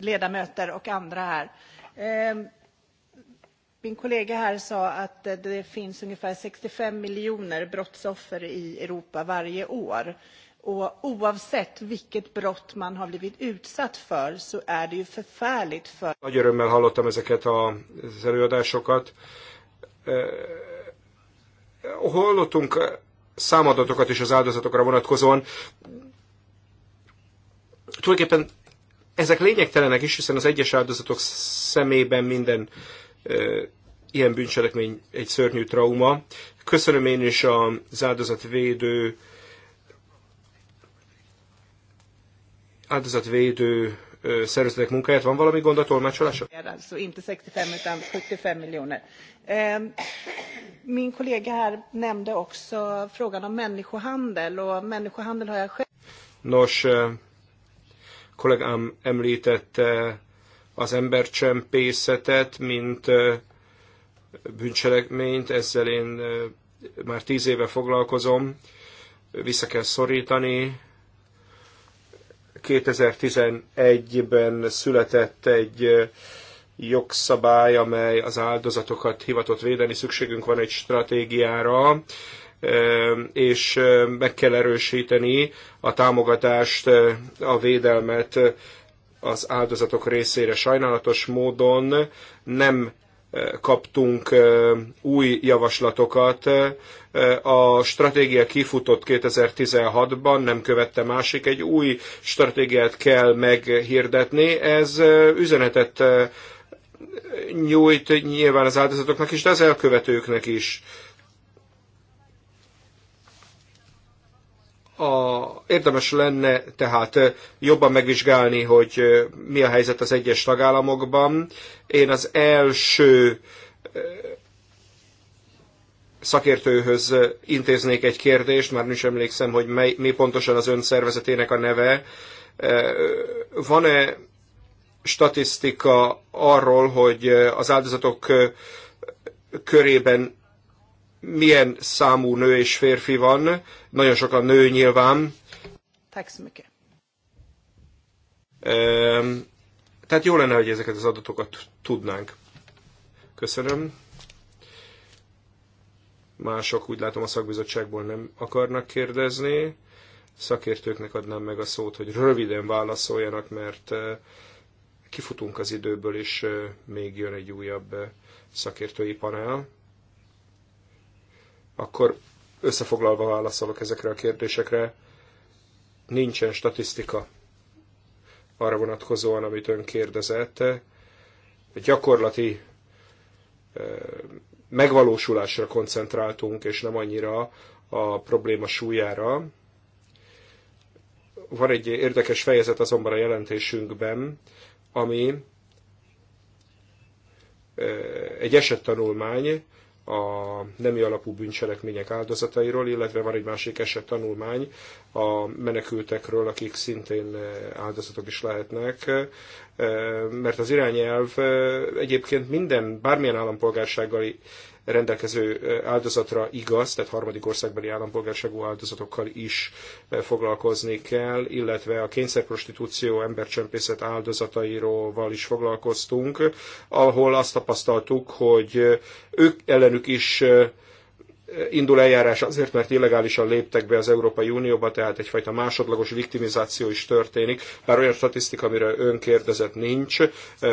ledamöter och andra här. min kollega här sa att det finns ungefär 65 miljoner brottsoffer i Europa varje år. Och oavsett vilket brott man har blivit utsatt för så är det ju förfärligt för... Nagy örömmel hallottam ezeket az előadásokat. Hallottunk számadatokat is az áldozatokra vonatkozóan. Tulajdonképpen ezek lényegtelenek is, hiszen az egyes áldozatok szemében minden ilyen bűncselekmény egy szörnyű trauma. Köszönöm én is az áldozatvédő áldozatvédő szervezetek munkáját. Van valami gond a tolmácsolásra? Alltså inte 65 utan 75 miljoner. Min kollega här nämnde också frågan om människohandel och människohandel har jag själv... Nos, kollégám említette az embercsempészetet, mint bűncselekményt, ezzel én már tíz éve foglalkozom, vissza kell szorítani, 2011-ben született egy jogszabály, amely az áldozatokat hivatott védeni, szükségünk van egy stratégiára, és meg kell erősíteni a támogatást, a védelmet az áldozatok részére. Sajnálatos módon nem kaptunk új javaslatokat. A stratégia kifutott 2016-ban, nem követte másik, egy új stratégiát kell meghirdetni. Ez üzenetet nyújt nyilván az áldozatoknak is, de az elkövetőknek is a, érdemes lenne tehát jobban megvizsgálni, hogy mi a helyzet az egyes tagállamokban. Én az első szakértőhöz intéznék egy kérdést, már nincs emlékszem, hogy mely, mi pontosan az ön szervezetének a neve. Van-e statisztika arról, hogy az áldozatok körében milyen számú nő és férfi van, nagyon sok a nő nyilván. Tehát jó lenne, hogy ezeket az adatokat tudnánk. Köszönöm. Mások úgy látom a szakbizottságból nem akarnak kérdezni. Szakértőknek adnám meg a szót, hogy röviden válaszoljanak, mert kifutunk az időből, és még jön egy újabb szakértői panel akkor összefoglalva válaszolok ezekre a kérdésekre. Nincsen statisztika arra vonatkozóan, amit ön kérdezett. A gyakorlati megvalósulásra koncentráltunk, és nem annyira a probléma súlyára. Van egy érdekes fejezet azonban a jelentésünkben, ami egy esettanulmány, a nemi alapú bűncselekmények áldozatairól, illetve van egy másik eset tanulmány a menekültekről, akik szintén áldozatok is lehetnek, mert az irányelv eh, egyébként minden, bármilyen állampolgársággal rendelkező áldozatra igaz, tehát harmadik országbeli állampolgárságú áldozatokkal is foglalkozni kell, illetve a kényszerprostitúció embercsempészet áldozatairól is foglalkoztunk, ahol azt tapasztaltuk, hogy ők ellenük is indul eljárás azért, mert illegálisan léptek be az Európai Unióba, tehát egyfajta másodlagos viktimizáció is történik, bár olyan statisztika, amire ön kérdezett, nincs.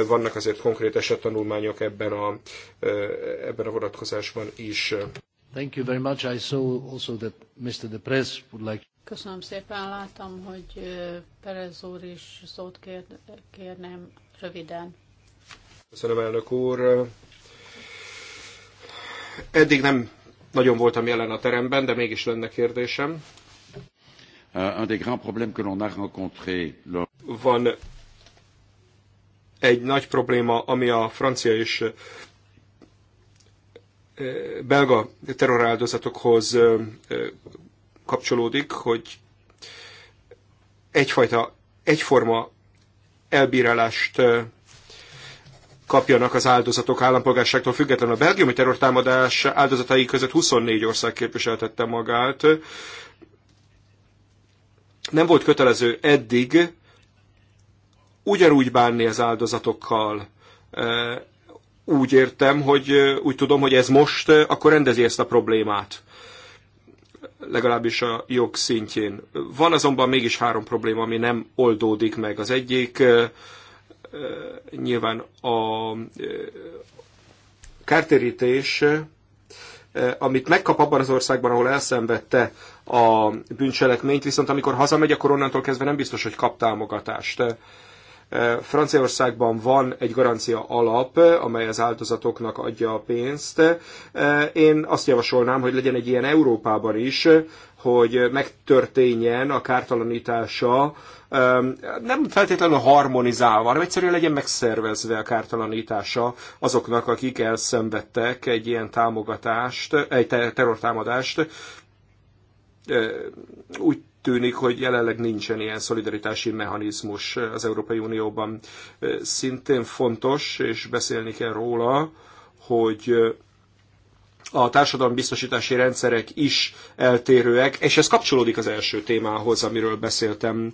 Vannak azért konkrét esettanulmányok ebben a, ebben a vonatkozásban is. Thank you very much. I saw also that Mr. Deprez would like Köszönöm szépen, láttam, hogy Perez úr is szót kér, kérnem röviden. Köszönöm, elnök úr. Eddig nem nagyon voltam jelen a teremben, de mégis lenne kérdésem. Uh, un des grands problèmes que l'on a rencontré... Van egy nagy probléma, ami a francia és uh, belga terroráldozatokhoz uh, kapcsolódik, hogy egyfajta, egyforma elbírálást uh, kapjanak az áldozatok állampolgárságtól függetlenül. A belgiumi terrortámadás áldozatai között 24 ország képviseltette magát. Nem volt kötelező eddig ugyanúgy bánni az áldozatokkal. Úgy értem, hogy úgy tudom, hogy ez most akkor rendezi ezt a problémát legalábbis a jog szintjén. Van azonban mégis három probléma, ami nem oldódik meg. Az egyik nyilván a kártérítés, amit megkap abban az országban, ahol elszenvedte a bűncselekményt, viszont amikor hazamegy, akkor onnantól kezdve nem biztos, hogy kap támogatást. Franciaországban van egy garancia alap, amely az áldozatoknak adja a pénzt. Én azt javasolnám, hogy legyen egy ilyen Európában is, hogy megtörténjen a kártalanítása, nem feltétlenül harmonizálva, hanem egyszerűen legyen megszervezve a kártalanítása azoknak, akik elszenvedtek egy ilyen támogatást, egy terrortámadást. Úgy tűnik, hogy jelenleg nincsen ilyen szolidaritási mechanizmus az Európai Unióban. Szintén fontos, és beszélni kell róla, hogy a társadalombiztosítási rendszerek is eltérőek, és ez kapcsolódik az első témához, amiről beszéltem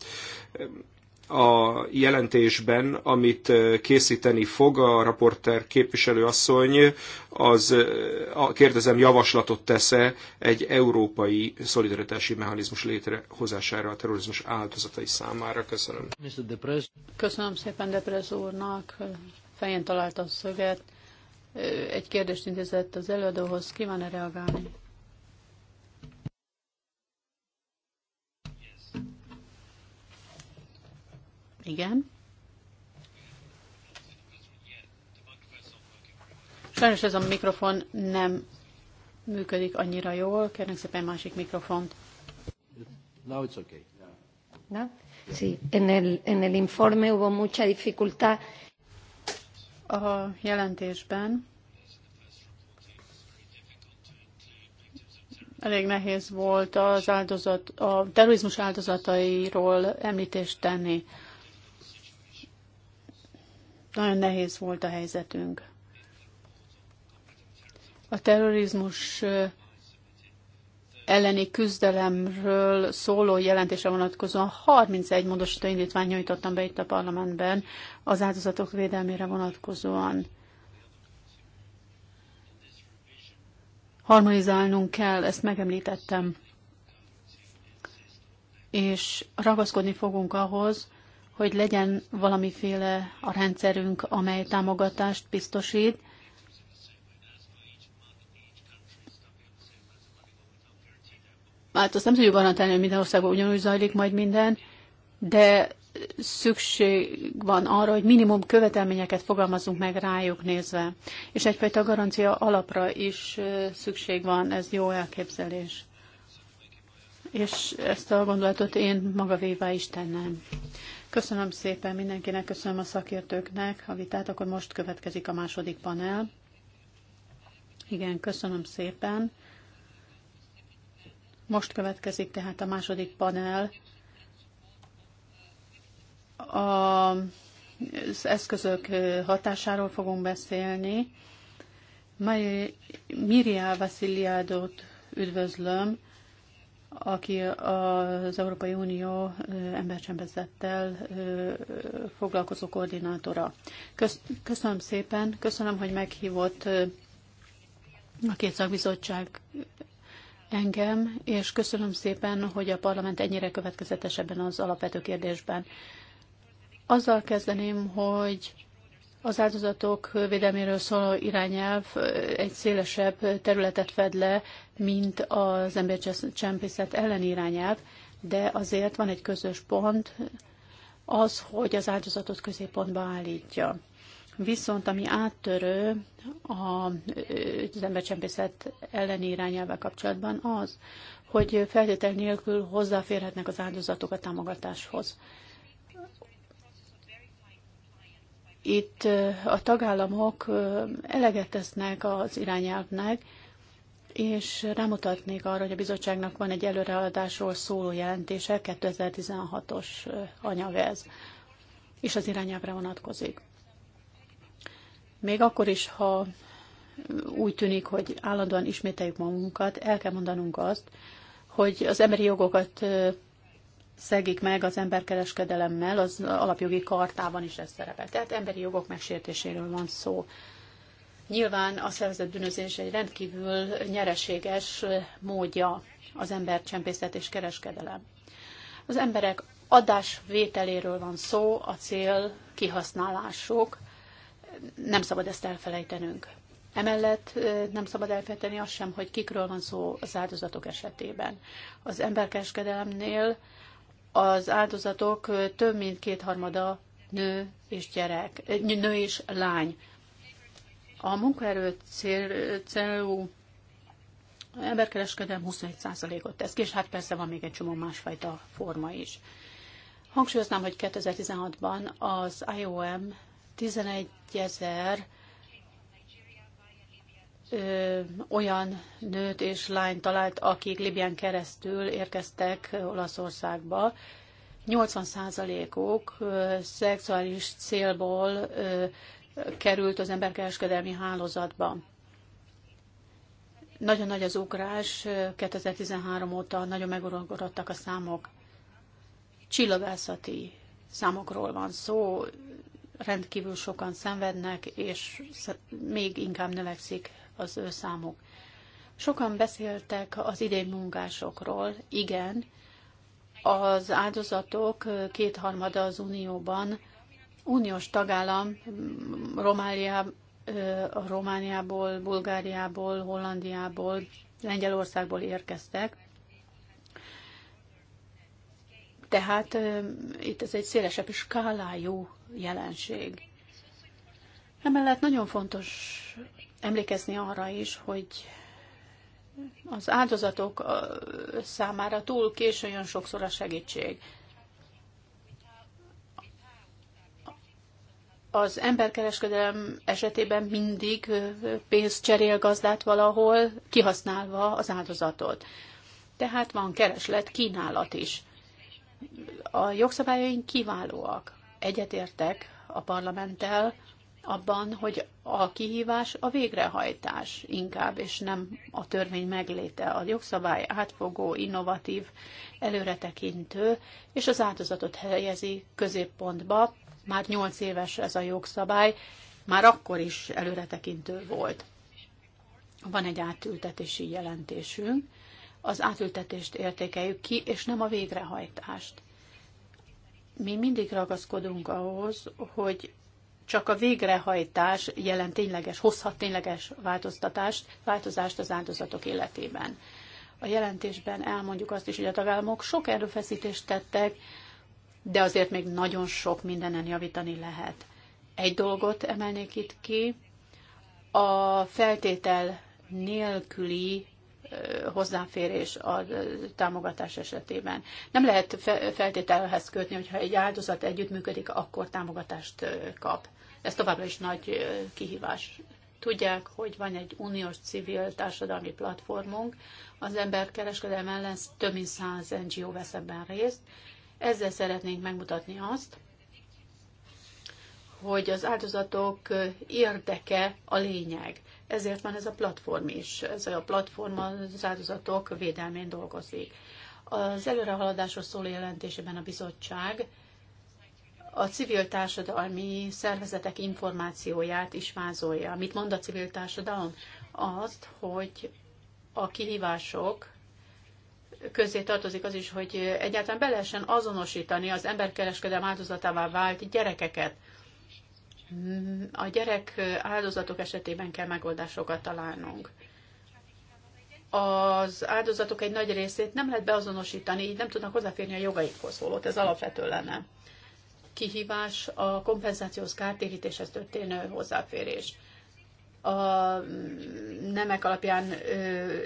a jelentésben, amit készíteni fog a raporter képviselőasszony, az kérdezem, javaslatot tesz-e egy európai szolidaritási mechanizmus létrehozására a terrorizmus áldozatai számára? Köszönöm. Köszönöm szépen Deprez úrnak, fején találta a szöget. Egy kérdést intézett az előadóhoz, kíván-e reagálni? Igen. Sajnos ez a mikrofon nem működik annyira jól. Kérnek szépen másik mikrofont. Now it's okay. No? Sí, en el, en el informe hubo mucha dificultad. A jelentésben elég nehéz volt az áldozat, a terrorizmus áldozatairól említést tenni. Nagyon nehéz volt a helyzetünk. A terrorizmus elleni küzdelemről szóló jelentése vonatkozóan 31 módosító indítványt nyújtottam be itt a parlamentben az áldozatok védelmére vonatkozóan. Harmonizálnunk kell, ezt megemlítettem. És ragaszkodni fogunk ahhoz, hogy legyen valamiféle a rendszerünk, amely támogatást biztosít, hát azt nem tudjuk garantálni, hogy minden országban ugyanúgy zajlik majd minden, de szükség van arra, hogy minimum követelményeket fogalmazunk meg rájuk nézve. És egyfajta garancia alapra is szükség van, ez jó elképzelés. És ezt a gondolatot én maga vévá is tennem. Köszönöm szépen mindenkinek, köszönöm a szakértőknek a vitát, akkor most következik a második panel. Igen, köszönöm szépen. Most következik tehát a második panel. A, az eszközök hatásáról fogunk beszélni. Miriam Vasiliádot üdvözlöm, aki az Európai Unió embercsempészettel foglalkozó koordinátora. Köszönöm szépen, köszönöm, hogy meghívott a két szakbizottság engem, és köszönöm szépen, hogy a parlament ennyire következetesebben az alapvető kérdésben. Azzal kezdeném, hogy az áldozatok védelméről szóló irányelv egy szélesebb területet fed le, mint az embercsempészet ellen irányelv, de azért van egy közös pont, az, hogy az áldozatot középpontba állítja. Viszont ami áttörő az embercsempészet elleni irányelvvel kapcsolatban az, hogy feltétel nélkül hozzáférhetnek az áldozatok a támogatáshoz. itt a tagállamok eleget tesznek az irányelvnek, és rámutatnék arra, hogy a bizottságnak van egy előreadásról szóló jelentése, 2016-os anyag ez, és az irányelvre vonatkozik. Még akkor is, ha úgy tűnik, hogy állandóan ismételjük magunkat, el kell mondanunk azt, hogy az emberi jogokat szegik meg az emberkereskedelemmel, az alapjogi kartában is ez szerepel. Tehát emberi jogok megsértéséről van szó. Nyilván a szervezett bűnözés egy rendkívül nyereséges módja az embercsempészet és kereskedelem. Az emberek adásvételéről van szó, a cél kihasználásuk, nem szabad ezt elfelejtenünk. Emellett nem szabad elfelejteni azt sem, hogy kikről van szó az áldozatok esetében. Az emberkereskedelemnél az áldozatok több mint kétharmada nő és gyerek, nő és lány. A munkaerő cél, célú emberkereskedelem 21%-ot tesz ki, és hát persze van még egy csomó másfajta forma is. Hangsúlyoznám, hogy 2016-ban az IOM 11 ezer ö, olyan nőt és lányt talált, akik Libyán keresztül érkeztek Olaszországba. 80%-uk szexuális célból ö, került az emberkereskedelmi hálózatba. Nagyon nagy az ugrás, 2013 óta nagyon megorogorodtak a számok. Csillagászati számokról van szó, rendkívül sokan szenvednek, és még inkább növekszik az ő számuk. Sokan beszéltek az idén munkásokról. Igen, az áldozatok kétharmada az Unióban, uniós tagállam, Románia, Romániából, Bulgáriából, Hollandiából, Lengyelországból érkeztek. Tehát itt ez egy szélesebb skálájú jelenség. Emellett nagyon fontos emlékezni arra is, hogy az áldozatok számára túl későn jön sokszor a segítség. Az emberkereskedelem esetében mindig pénzt cserél gazdát valahol, kihasználva az áldozatot. Tehát van kereslet, kínálat is. A jogszabályaink kiválóak. Egyetértek a parlamenttel, abban, hogy a kihívás a végrehajtás inkább, és nem a törvény megléte. A jogszabály átfogó, innovatív, előretekintő, és az áldozatot helyezi középpontba. Már nyolc éves ez a jogszabály, már akkor is előretekintő volt. Van egy átültetési jelentésünk, az átültetést értékeljük ki, és nem a végrehajtást. Mi mindig ragaszkodunk ahhoz, hogy csak a végrehajtás jelent tényleges, hozhat tényleges változtatást, változást az áldozatok életében. A jelentésben elmondjuk azt is, hogy a tagállamok sok erőfeszítést tettek, de azért még nagyon sok mindenen javítani lehet. Egy dolgot emelnék itt ki, a feltétel nélküli hozzáférés a támogatás esetében. Nem lehet feltételhez kötni, hogyha egy áldozat együttműködik, akkor támogatást kap. Ez továbbra is nagy kihívás. Tudják, hogy van egy uniós civil társadalmi platformunk, az emberkereskedelem ellen több mint száz NGO vesz ebben részt. Ezzel szeretnénk megmutatni azt, hogy az áldozatok érdeke a lényeg. Ezért van ez a platform is. Ez a platform az áldozatok védelmén dolgozik. Az előrehaladásról szóló jelentésében a bizottság a civil társadalmi szervezetek információját is vázolja. Mit mond a civil társadalom? Azt, hogy a kihívások közé tartozik az is, hogy egyáltalán be lehessen azonosítani az emberkereskedelem áldozatává vált gyerekeket. A gyerek áldozatok esetében kell megoldásokat találnunk. Az áldozatok egy nagy részét nem lehet beazonosítani, így nem tudnak hozzáférni a jogaikhoz, holott ez alapvető lenne kihívás a kompenzációs kártérítéshez történő hozzáférés. A nemek alapján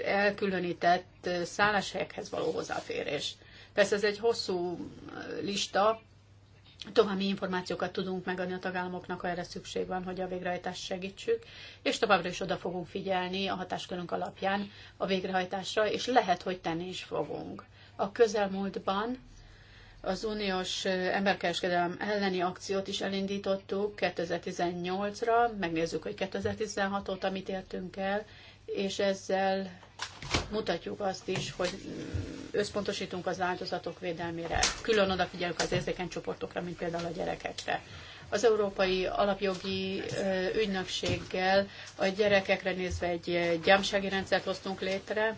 elkülönített szálláshelyekhez való hozzáférés. Persze ez egy hosszú lista, további információkat tudunk megadni a tagállamoknak, ha erre szükség van, hogy a végrehajtást segítsük, és továbbra is oda fogunk figyelni a hatáskörünk alapján a végrehajtásra, és lehet, hogy tenni is fogunk. A közelmúltban az uniós emberkereskedelem elleni akciót is elindítottuk 2018-ra, megnézzük, hogy 2016 óta mit értünk el, és ezzel mutatjuk azt is, hogy összpontosítunk az áldozatok védelmére. Külön odafigyelünk az érzékeny csoportokra, mint például a gyerekekre. Az Európai Alapjogi Ügynökséggel a gyerekekre nézve egy gyámsági rendszert hoztunk létre,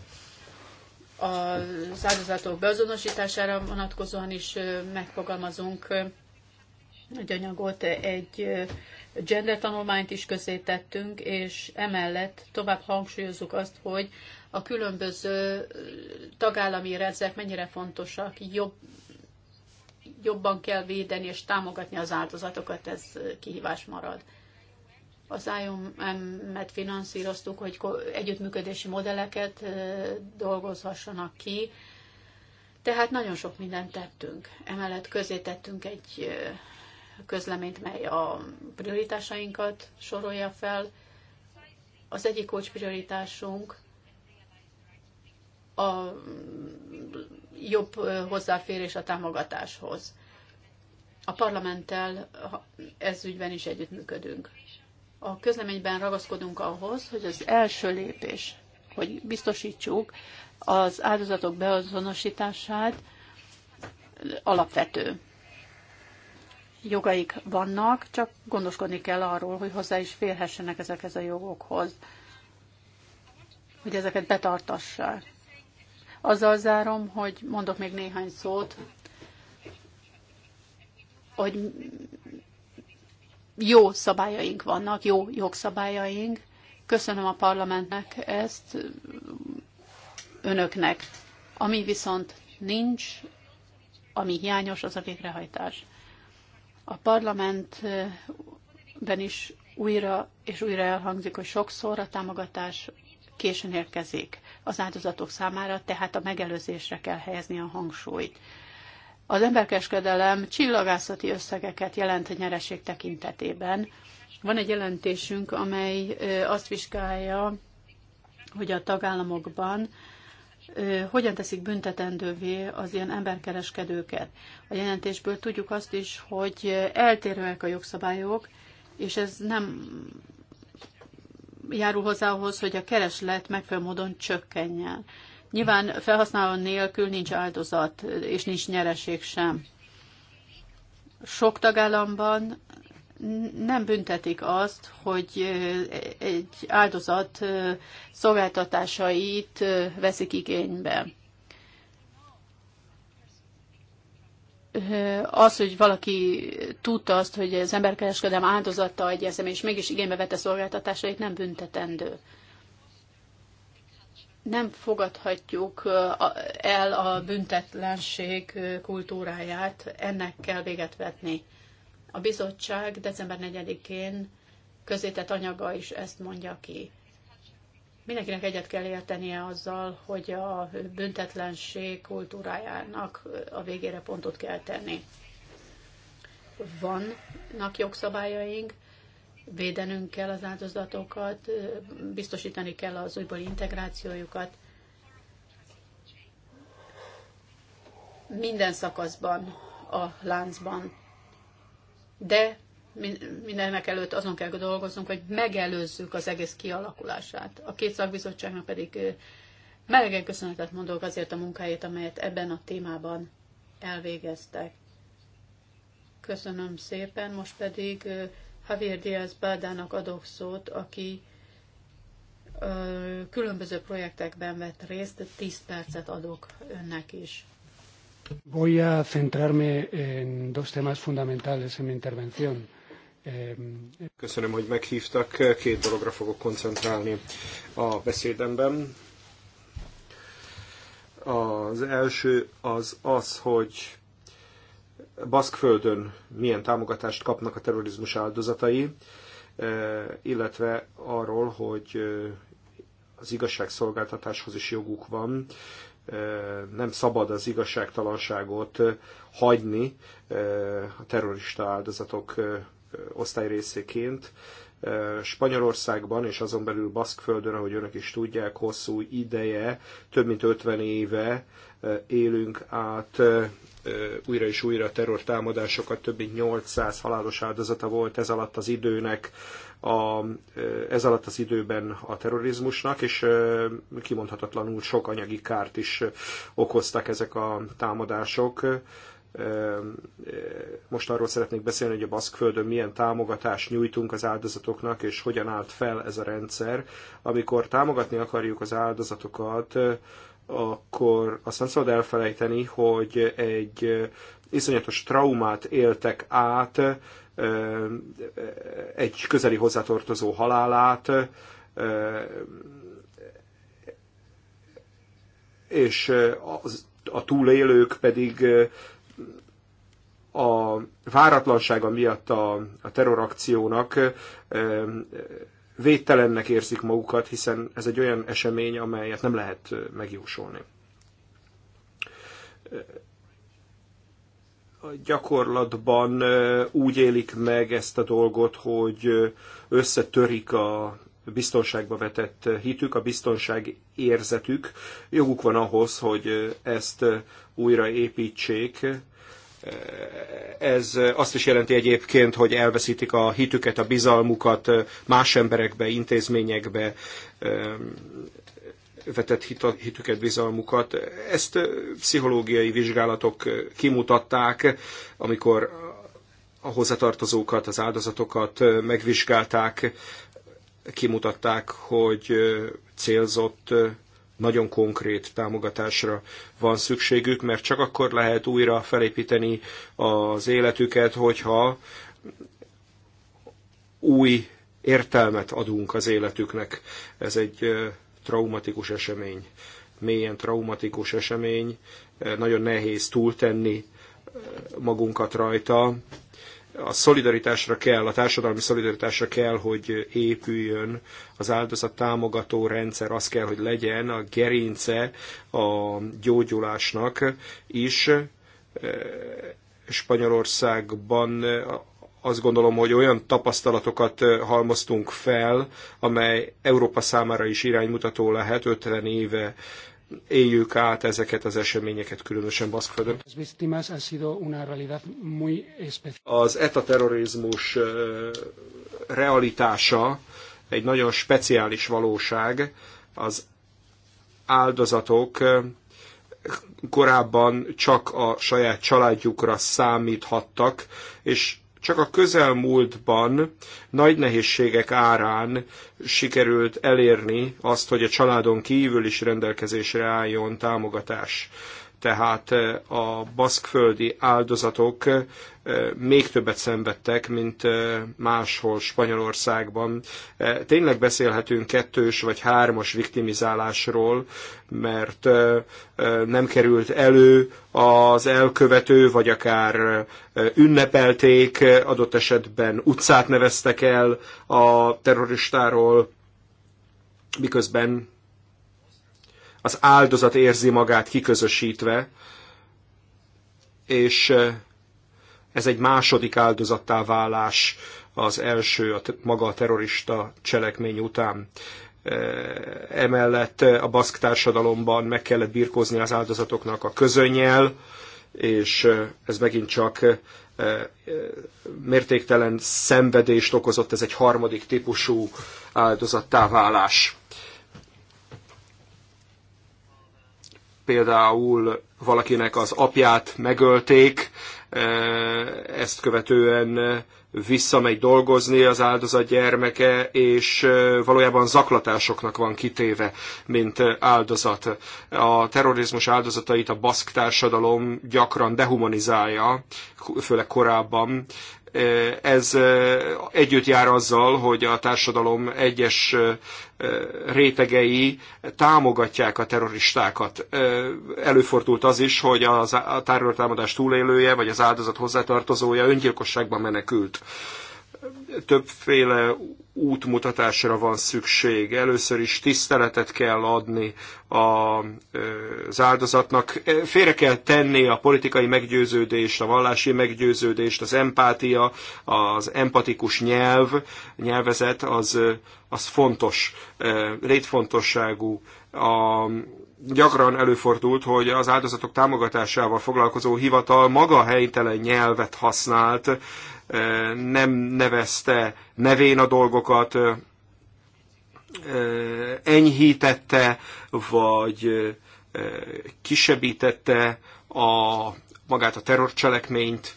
az áldozatok beazonosítására vonatkozóan is megfogalmazunk egy anyagot, egy gender tanulmányt is közé tettünk, és emellett tovább hangsúlyozzuk azt, hogy a különböző tagállami rendszerek mennyire fontosak, jobb, jobban kell védeni és támogatni az áldozatokat, ez kihívás marad. Az IOM-et finanszíroztuk, hogy együttműködési modelleket dolgozhassanak ki, tehát nagyon sok mindent tettünk. Emellett közé tettünk egy közleményt, mely a prioritásainkat sorolja fel. Az egyik kulcs prioritásunk a jobb hozzáférés a támogatáshoz. A parlamenttel ez ügyben is együttműködünk. A közleményben ragaszkodunk ahhoz, hogy az első lépés, hogy biztosítsuk az áldozatok beazonosítását, alapvető. Jogaik vannak, csak gondoskodni kell arról, hogy hozzá is férhessenek ezekhez a jogokhoz, hogy ezeket betartassák. Azzal zárom, hogy mondok még néhány szót, hogy jó szabályaink vannak, jó jogszabályaink. Köszönöm a parlamentnek ezt, önöknek. Ami viszont nincs, ami hiányos, az a végrehajtás. A parlamentben is újra és újra elhangzik, hogy sokszor a támogatás későn érkezik az áldozatok számára, tehát a megelőzésre kell helyezni a hangsúlyt. Az emberkereskedelem csillagászati összegeket jelent a nyereség tekintetében. Van egy jelentésünk, amely azt vizsgálja, hogy a tagállamokban hogyan teszik büntetendővé az ilyen emberkereskedőket. A jelentésből tudjuk azt is, hogy eltérőek a jogszabályok, és ez nem járul hozzá ahhoz, hogy a kereslet megfelelő módon csökkenjen. Nyilván felhasználó nélkül nincs áldozat, és nincs nyereség sem. Sok tagállamban nem büntetik azt, hogy egy áldozat szolgáltatásait veszik igénybe. Az, hogy valaki tudta azt, hogy az emberkereskedelem áldozata egy eszem, és mégis igénybe vette szolgáltatásait, nem büntetendő nem fogadhatjuk el a büntetlenség kultúráját, ennek kell véget vetni. A bizottság december 4-én közétett anyaga is ezt mondja ki. Mindenkinek egyet kell értenie azzal, hogy a büntetlenség kultúrájának a végére pontot kell tenni. Vannak jogszabályaink, védenünk kell az áldozatokat, biztosítani kell az újból integrációjukat. Minden szakaszban, a láncban. De mindenek előtt azon kell dolgoznunk, hogy megelőzzük az egész kialakulását. A két szakbizottságnak pedig melegen köszönetet mondok azért a munkáért, amelyet ebben a témában elvégeztek. Köszönöm szépen, most pedig Javier Diaz Bádának adok szót, aki ö, különböző projektekben vett részt, 10 percet adok önnek is. Voy a centrarme en dos temas fundamentales en mi intervención. Eh, Köszönöm, hogy meghívtak. Két dologra fogok koncentrálni a beszédemben. Az első az az, hogy Baszkföldön milyen támogatást kapnak a terrorizmus áldozatai, e, illetve arról, hogy e, az igazságszolgáltatáshoz is joguk van, e, nem szabad az igazságtalanságot hagyni a terrorista áldozatok osztályrészéként. Spanyolországban és azon belül Baszkföldön, ahogy önök is tudják, hosszú ideje, több mint 50 éve élünk át újra és újra terrortámadásokat, több mint 800 halálos áldozata volt ez alatt az időnek, a, ez alatt az időben a terrorizmusnak, és kimondhatatlanul sok anyagi kárt is okoztak ezek a támadások. Most arról szeretnék beszélni, hogy a Baszkföldön milyen támogatást nyújtunk az áldozatoknak, és hogyan állt fel ez a rendszer. Amikor támogatni akarjuk az áldozatokat, akkor azt nem szabad elfelejteni, hogy egy iszonyatos traumát éltek át, egy közeli hozzátartozó halálát, és a túlélők pedig a váratlansága miatt a, a terrorakciónak védtelennek érzik magukat, hiszen ez egy olyan esemény, amelyet nem lehet megjósolni. A gyakorlatban úgy élik meg ezt a dolgot, hogy összetörik a biztonságba vetett hitük, a biztonság érzetük. Joguk van ahhoz, hogy ezt újra építsék, ez azt is jelenti egyébként, hogy elveszítik a hitüket, a bizalmukat más emberekbe, intézményekbe vetett hitüket, bizalmukat. Ezt pszichológiai vizsgálatok kimutatták, amikor a hozzátartozókat, az áldozatokat megvizsgálták, kimutatták, hogy célzott nagyon konkrét támogatásra van szükségük, mert csak akkor lehet újra felépíteni az életüket, hogyha új értelmet adunk az életüknek. Ez egy traumatikus esemény, mélyen traumatikus esemény, nagyon nehéz túltenni magunkat rajta, a szolidaritásra kell, a társadalmi szolidaritásra kell, hogy épüljön az áldozat támogató rendszer, az kell, hogy legyen a gerince a gyógyulásnak is. E, Spanyolországban azt gondolom, hogy olyan tapasztalatokat halmoztunk fel, amely Európa számára is iránymutató lehet. 50 éve éljük át ezeket az eseményeket, különösen Baszkföldön. Az ETA terrorizmus realitása egy nagyon speciális valóság. Az áldozatok korábban csak a saját családjukra számíthattak, és csak a közelmúltban nagy nehézségek árán sikerült elérni azt, hogy a családon kívül is rendelkezésre álljon támogatás tehát eh, a baszkföldi áldozatok eh, még többet szenvedtek, mint eh, máshol Spanyolországban. Tényleg beszélhetünk kettős vagy hármas viktimizálásról, mert nem került elő az elkövető, vagy akár ünnepelték, adott esetben utcát neveztek el a terroristáról, miközben az áldozat érzi magát kiközösítve, és ez egy második áldozattá válás az első, a, maga a terrorista cselekmény után. Emellett a baszk társadalomban meg kellett birkózni az áldozatoknak a közönnyel, és ez megint csak mértéktelen szenvedést okozott, ez egy harmadik típusú áldozattá válás. például valakinek az apját megölték, eh, ezt követően visszamegy dolgozni az áldozat gyermeke, és eh, valójában zaklatásoknak van kitéve, mint áldozat. A terrorizmus áldozatait a baszk társadalom gyakran dehumanizálja, főleg korábban, ez együtt jár azzal, hogy a társadalom egyes rétegei támogatják a terroristákat. Előfordult az is, hogy a terrortámadás túlélője, vagy az áldozat hozzátartozója öngyilkosságban menekült többféle útmutatásra van szükség. Először is tiszteletet kell adni a, az áldozatnak, félre kell tenni a politikai meggyőződést, a vallási meggyőződést, az empátia, az empatikus nyelv, nyelvezet, az, az fontos, létfontosságú. A, gyakran előfordult, hogy az áldozatok támogatásával foglalkozó hivatal maga helytelen nyelvet használt, nem nevezte nevén a dolgokat, enyhítette, vagy kisebbítette a, magát a terrorcselekményt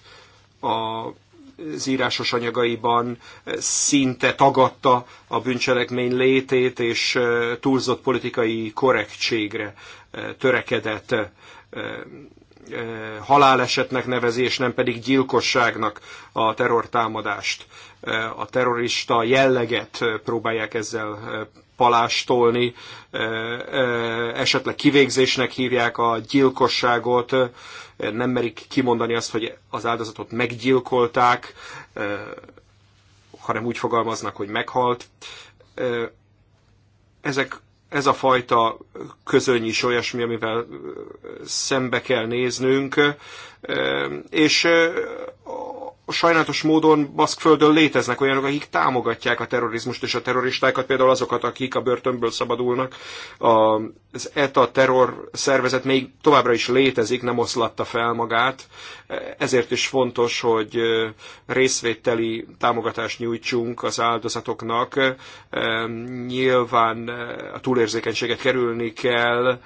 az írásos anyagaiban, szinte tagadta a bűncselekmény létét, és túlzott politikai korrektségre törekedett halálesetnek nevezés, nem pedig gyilkosságnak a terrortámadást. A terrorista jelleget próbálják ezzel palástolni, esetleg kivégzésnek hívják a gyilkosságot, nem merik kimondani azt, hogy az áldozatot meggyilkolták, hanem úgy fogalmaznak, hogy meghalt. Ezek ez a fajta közöny is olyasmi, amivel szembe kell néznünk és sajnálatos módon Baszkföldön léteznek olyanok, akik támogatják a terrorizmust és a terroristákat, például azokat, akik a börtönből szabadulnak. Az ETA terror szervezet még továbbra is létezik, nem oszlatta fel magát, ezért is fontos, hogy részvételi támogatást nyújtsunk az áldozatoknak. Nyilván a túlérzékenységet kerülni kell,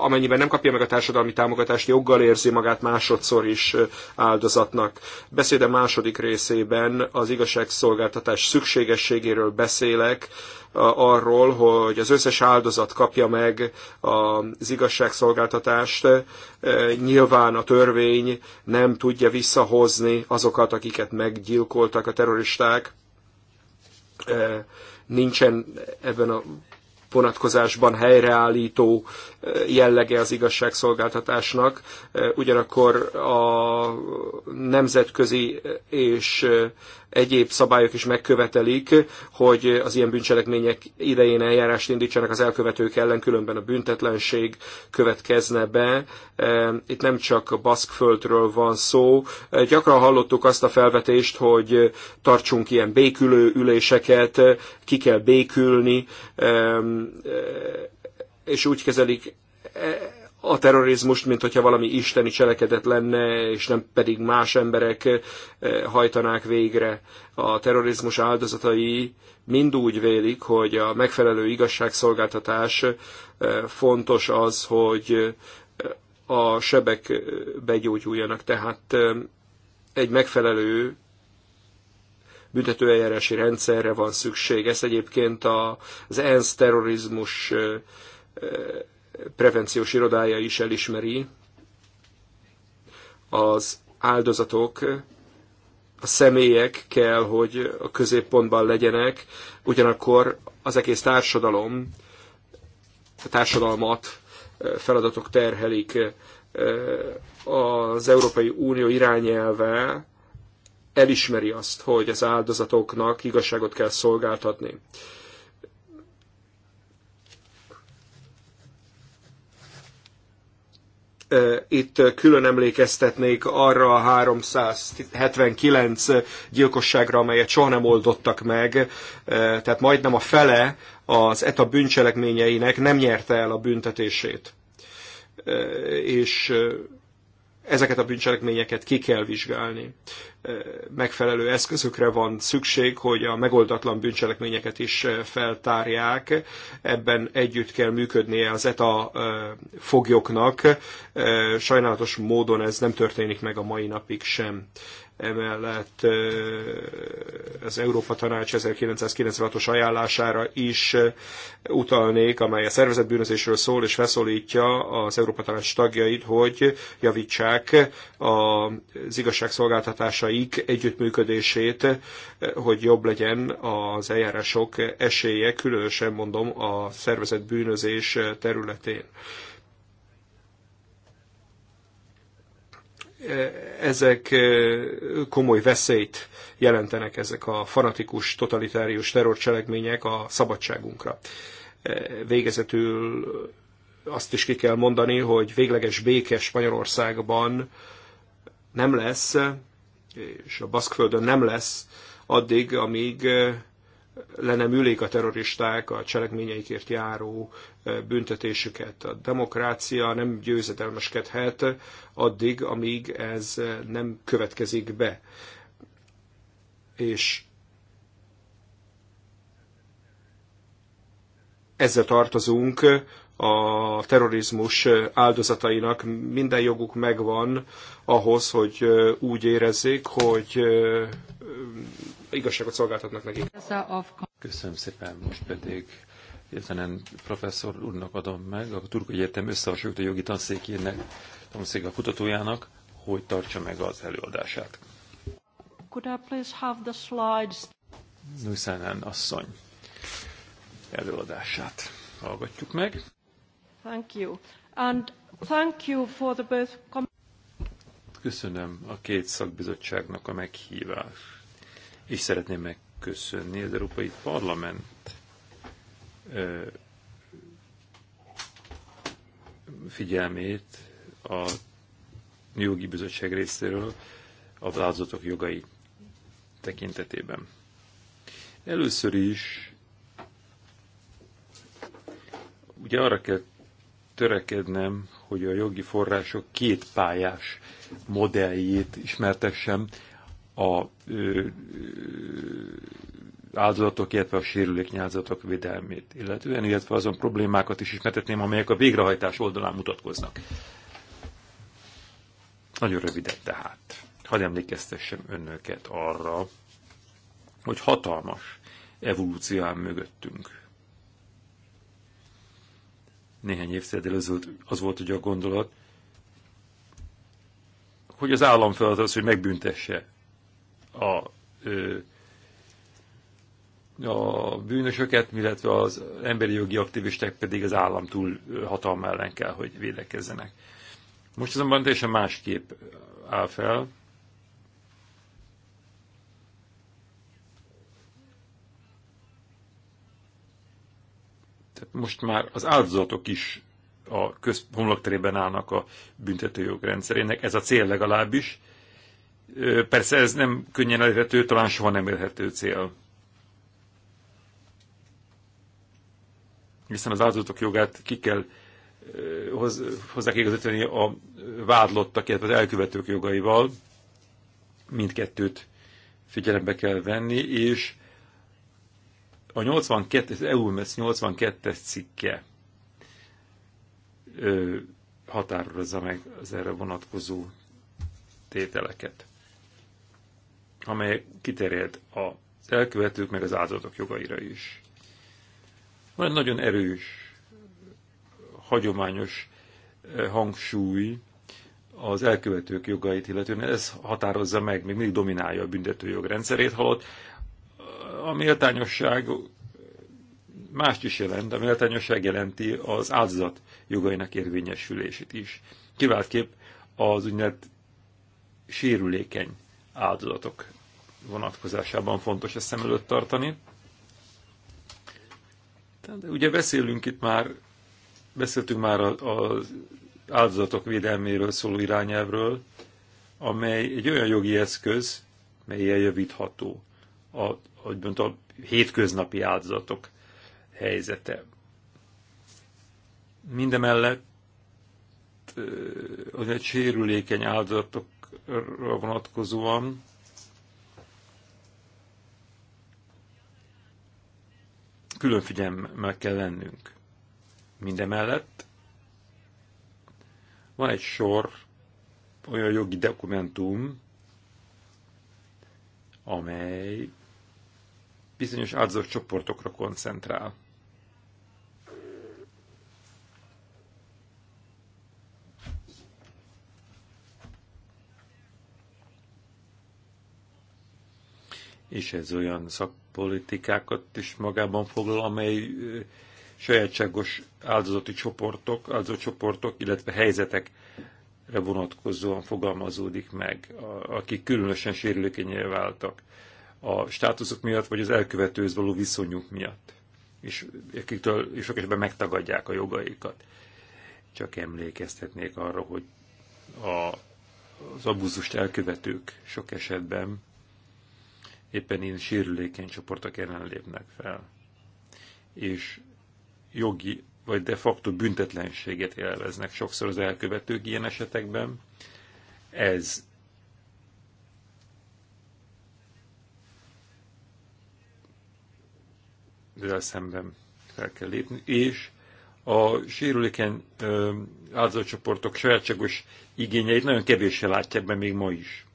amennyiben nem kapja meg a társadalmi támogatást, joggal érzi magát más másodszor is áldozatnak. Beszéde második részében az igazságszolgáltatás szükségességéről beszélek, arról, hogy az összes áldozat kapja meg az igazságszolgáltatást. Nyilván a törvény nem tudja visszahozni azokat, akiket meggyilkoltak a terroristák. Nincsen ebben a vonatkozásban helyreállító eh, jellege az igazságszolgáltatásnak, eh, ugyanakkor a nemzetközi eh, és egyéb szabályok is megkövetelik, hogy az ilyen bűncselekmények idején eljárást indítsanak az elkövetők ellen, különben a büntetlenség következne be. E, itt nem csak a baszkföldről van szó. E, gyakran hallottuk azt a felvetést, hogy tartsunk ilyen békülő üléseket, ki kell békülni, e, és úgy kezelik a terrorizmust, mint hogyha valami isteni cselekedet lenne, és nem pedig más emberek eh, hajtanák végre. A terrorizmus áldozatai mind úgy vélik, hogy a megfelelő igazságszolgáltatás eh, fontos az, hogy eh, a sebek begyógyuljanak. Tehát egy megfelelő büntetőeljárási rendszerre van szükség. Ez egyébként az ENSZ terrorizmus prevenciós irodája is elismeri, az áldozatok, a személyek kell, hogy a középpontban legyenek, ugyanakkor az egész társadalom, a társadalmat feladatok terhelik. Az Európai Unió irányelve elismeri azt, hogy az áldozatoknak igazságot kell szolgáltatni. Eh, itt eh, külön emlékeztetnék arra a 379 eh, gyilkosságra, amelyet soha nem oldottak meg, tehát majdnem a fele az ETA bűncselekményeinek nem nyerte el a büntetését. És ezeket a bűncselekményeket ki kell vizsgálni. Megfelelő eszközökre van szükség, hogy a megoldatlan bűncselekményeket is feltárják. Ebben együtt kell működnie az ETA foglyoknak. Sajnálatos módon ez nem történik meg a mai napig sem emellett az Európa Tanács 1996-os ajánlására is utalnék, amely a szervezetbűnözésről szól, és feszólítja az Európa Tanács tagjait, hogy javítsák az igazságszolgáltatásaik együttműködését, hogy jobb legyen az eljárások esélye, különösen mondom a szervezetbűnözés területén. ezek komoly veszélyt jelentenek ezek a fanatikus, totalitárius terrorcselekmények a szabadságunkra. Végezetül azt is ki kell mondani, hogy végleges béke Spanyolországban nem lesz, és a Baszkföldön nem lesz addig, amíg lenem ülék a terroristák a cselekményeikért járó büntetésüket. A demokrácia nem győzedelmeskedhet addig, amíg ez nem következik be. És ezzel tartozunk a terrorizmus áldozatainak minden joguk megvan ahhoz, hogy úgy érezzék, hogy igazságot szolgáltatnak nekik. Köszönöm szépen, most pedig Jöntenen professzor úrnak adom meg, a Turk Egyetem összehasonlító jogi tanszékének, tanszéka kutatójának, hogy tartsa meg az előadását. Could I please have the slides? Nuszanen asszony előadását hallgatjuk meg. Thank you. And thank you for the both Köszönöm a két szakbizottságnak a meghívást. És szeretném megköszönni az Európai Parlament figyelmét a jogi bizottság részéről az áldozatok jogai tekintetében. Először is ugye arra kell törekednem, hogy a jogi források két pályás modelljét ismertessem a ö, áldozatok, illetve a sérülékeny áldozatok védelmét illetően, illetve azon problémákat is ismertetném, amelyek a végrehajtás oldalán mutatkoznak. Nagyon röviden tehát. Hadd emlékeztessem önöket arra, hogy hatalmas evolúció áll mögöttünk néhány évtized előzőt az volt ugye a gondolat, hogy az állam feladat az, hogy megbüntesse a, ö, a bűnösöket, illetve az emberi jogi aktivisták pedig az állam túl hatalma ellen kell, hogy védekezzenek. Most azonban teljesen másképp áll fel, Tehát most már az áldozatok is a köz, homlokterében állnak a büntetőjog rendszerének, ez a cél legalábbis. Persze ez nem könnyen elérhető, talán soha nem elérhető cél. Hiszen az áldozatok jogát ki kell hozzá igazítani a vádlottak, illetve az elkövetők jogaival. Mindkettőt figyelembe kell venni, és a 82, az EUMES 82-es cikke ö, határozza meg az erre vonatkozó tételeket, amely kiterjed az elkövetők meg az áldozatok jogaira is. Van egy nagyon erős, hagyományos hangsúly az elkövetők jogait, illetően ez határozza meg, még mindig dominálja a büntetőjog rendszerét, halott a méltányosság mást is jelent, a méltányosság jelenti az áldozat jogainak érvényesülését is. Kiváltképp az úgynevezett sérülékeny áldozatok vonatkozásában fontos ezt szem előtt tartani. De ugye beszélünk itt már, beszéltünk már az áldozatok védelméről szóló irányelvről, amely egy olyan jogi eszköz, melyen javítható a, úgymond a hétköznapi áldozatok helyzete. Mindemellett egy sérülékeny áldozatokra vonatkozóan külön figyelmmel kell lennünk. Mindemellett van egy sor olyan jogi dokumentum, amely bizonyos áldozatos csoportokra koncentrál. És ez olyan szakpolitikákat is magában foglal, amely sajátságos áldozati csoportok, áldozati csoportok, illetve helyzetekre vonatkozóan fogalmazódik meg, akik különösen sérülékenyé váltak a státuszok miatt, vagy az elkövetőhöz való viszonyuk miatt. És akiktől és sok esetben megtagadják a jogaikat. Csak emlékeztetnék arra, hogy a, az abúzust elkövetők sok esetben éppen ilyen sérülékeny csoportok ellen lépnek fel. És jogi vagy de facto büntetlenséget élveznek sokszor az elkövetők ilyen esetekben. Ez ezzel szemben fel kell lépni, és a sérüléken áldozatcsoportok sajátságos igényeit nagyon kevéssel látják be még ma is.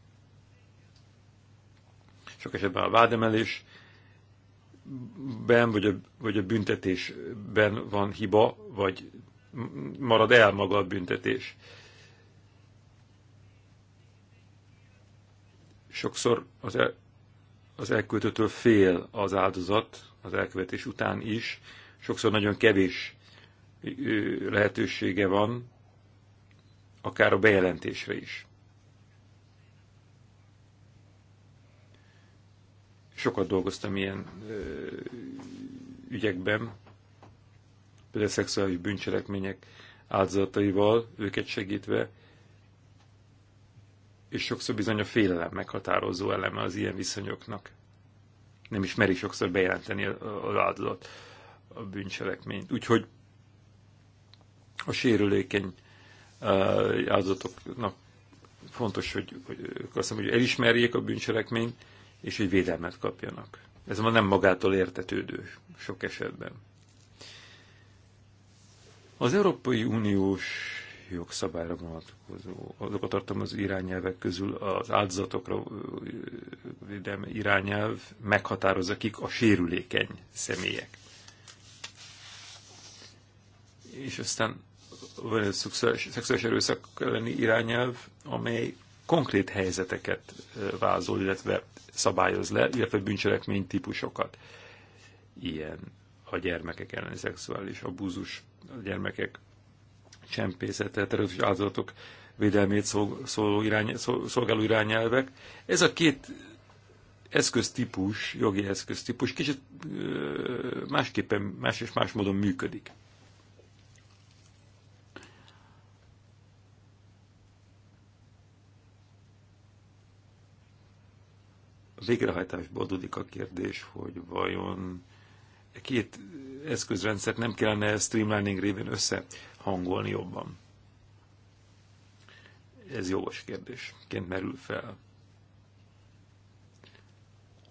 Sok esetben a vádemelés ben, vagy a, vagy a büntetésben van hiba, vagy marad el maga a büntetés. Sokszor az, el, az elköltőtől fél az áldozat, az elkövetés után is, sokszor nagyon kevés lehetősége van, akár a bejelentésre is. Sokat dolgoztam ilyen ügyekben, például szexuális bűncselekmények áldozataival, őket segítve, és sokszor bizony a félelem meghatározó eleme az ilyen viszonyoknak nem is meri sokszor bejelenteni az áldozat a bűncselekményt. Úgyhogy a sérülékeny áldozatoknak fontos, hogy, hogy, hiszem, hogy elismerjék a bűncselekményt, és hogy védelmet kapjanak. Ez ma nem magától értetődő sok esetben. Az Európai Uniós jogszabályra vonatkozó, azokat tartom az irányelvek közül az áldozatokra védelme irányelv meghatározza, kik a sérülékeny személyek. És aztán van egy szexuális, szexuális erőszak elleni irányelv, amely konkrét helyzeteket vázol, illetve szabályoz le, illetve bűncselekmény típusokat. Ilyen a gyermekek elleni szexuális abúzus, a gyermekek csempészetet, terrorizmus áldozatok védelmét szolgáló, irány, szolgáló irányelvek. Ez a két eszköztípus, jogi eszköztípus kicsit másképpen, más és más módon működik. A végrehajtásból adódik a kérdés, hogy vajon két eszközrendszert nem kellene streamlining révén össze hangolni jobban. Ez jogos kérdésként merül fel.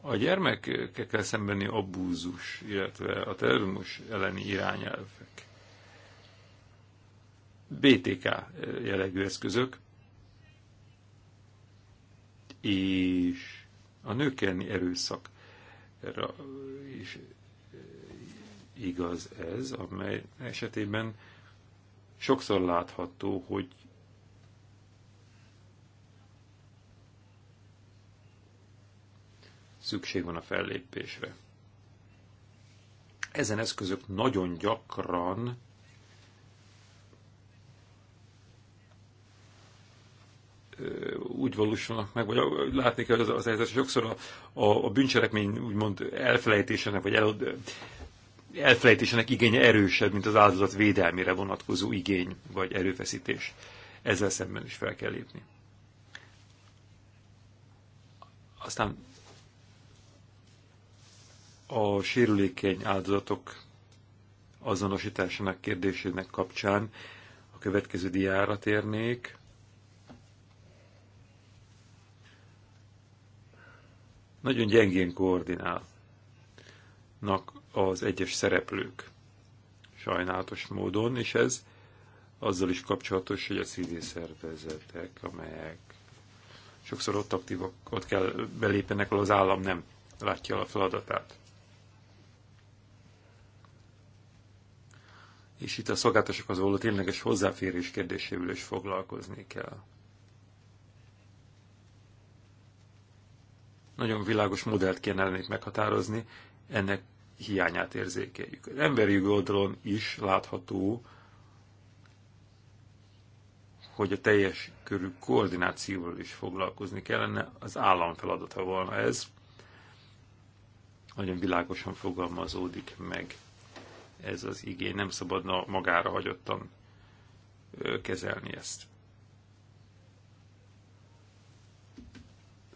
A gyermekekkel szembeni abúzus, illetve a terrorizmus elleni irányelvek, BTK jellegű eszközök, és a nőkelni erőszak is igaz ez, amely esetében sokszor látható, hogy szükség van a fellépésre. Ezen eszközök nagyon gyakran úgy valósulnak meg, vagy látni kell az, az, az sokszor a, a, a bűncselekmény úgymond elfelejtésének, vagy el, elfelejtésének igénye erősebb, mint az áldozat védelmére vonatkozó igény vagy erőfeszítés. Ezzel szemben is fel kell lépni. Aztán a sérülékeny áldozatok azonosításának kérdésének kapcsán a következő diára térnék. Nagyon gyengén koordinálnak az egyes szereplők sajnálatos módon, és ez azzal is kapcsolatos, hogy a civil szervezetek, amelyek sokszor ott aktívak, ott kell belépenek, ahol az állam nem látja a feladatát. És itt a az való tényleges hozzáférés kérdésével is foglalkozni kell. Nagyon világos modellt kéne meghatározni ennek hiányát érzékeljük. Az emberi oldalon is látható, hogy a teljes körű koordinációval is foglalkozni kellene, az állam feladata volna ez. Nagyon világosan fogalmazódik meg ez az igény, nem szabadna magára hagyottan kezelni ezt.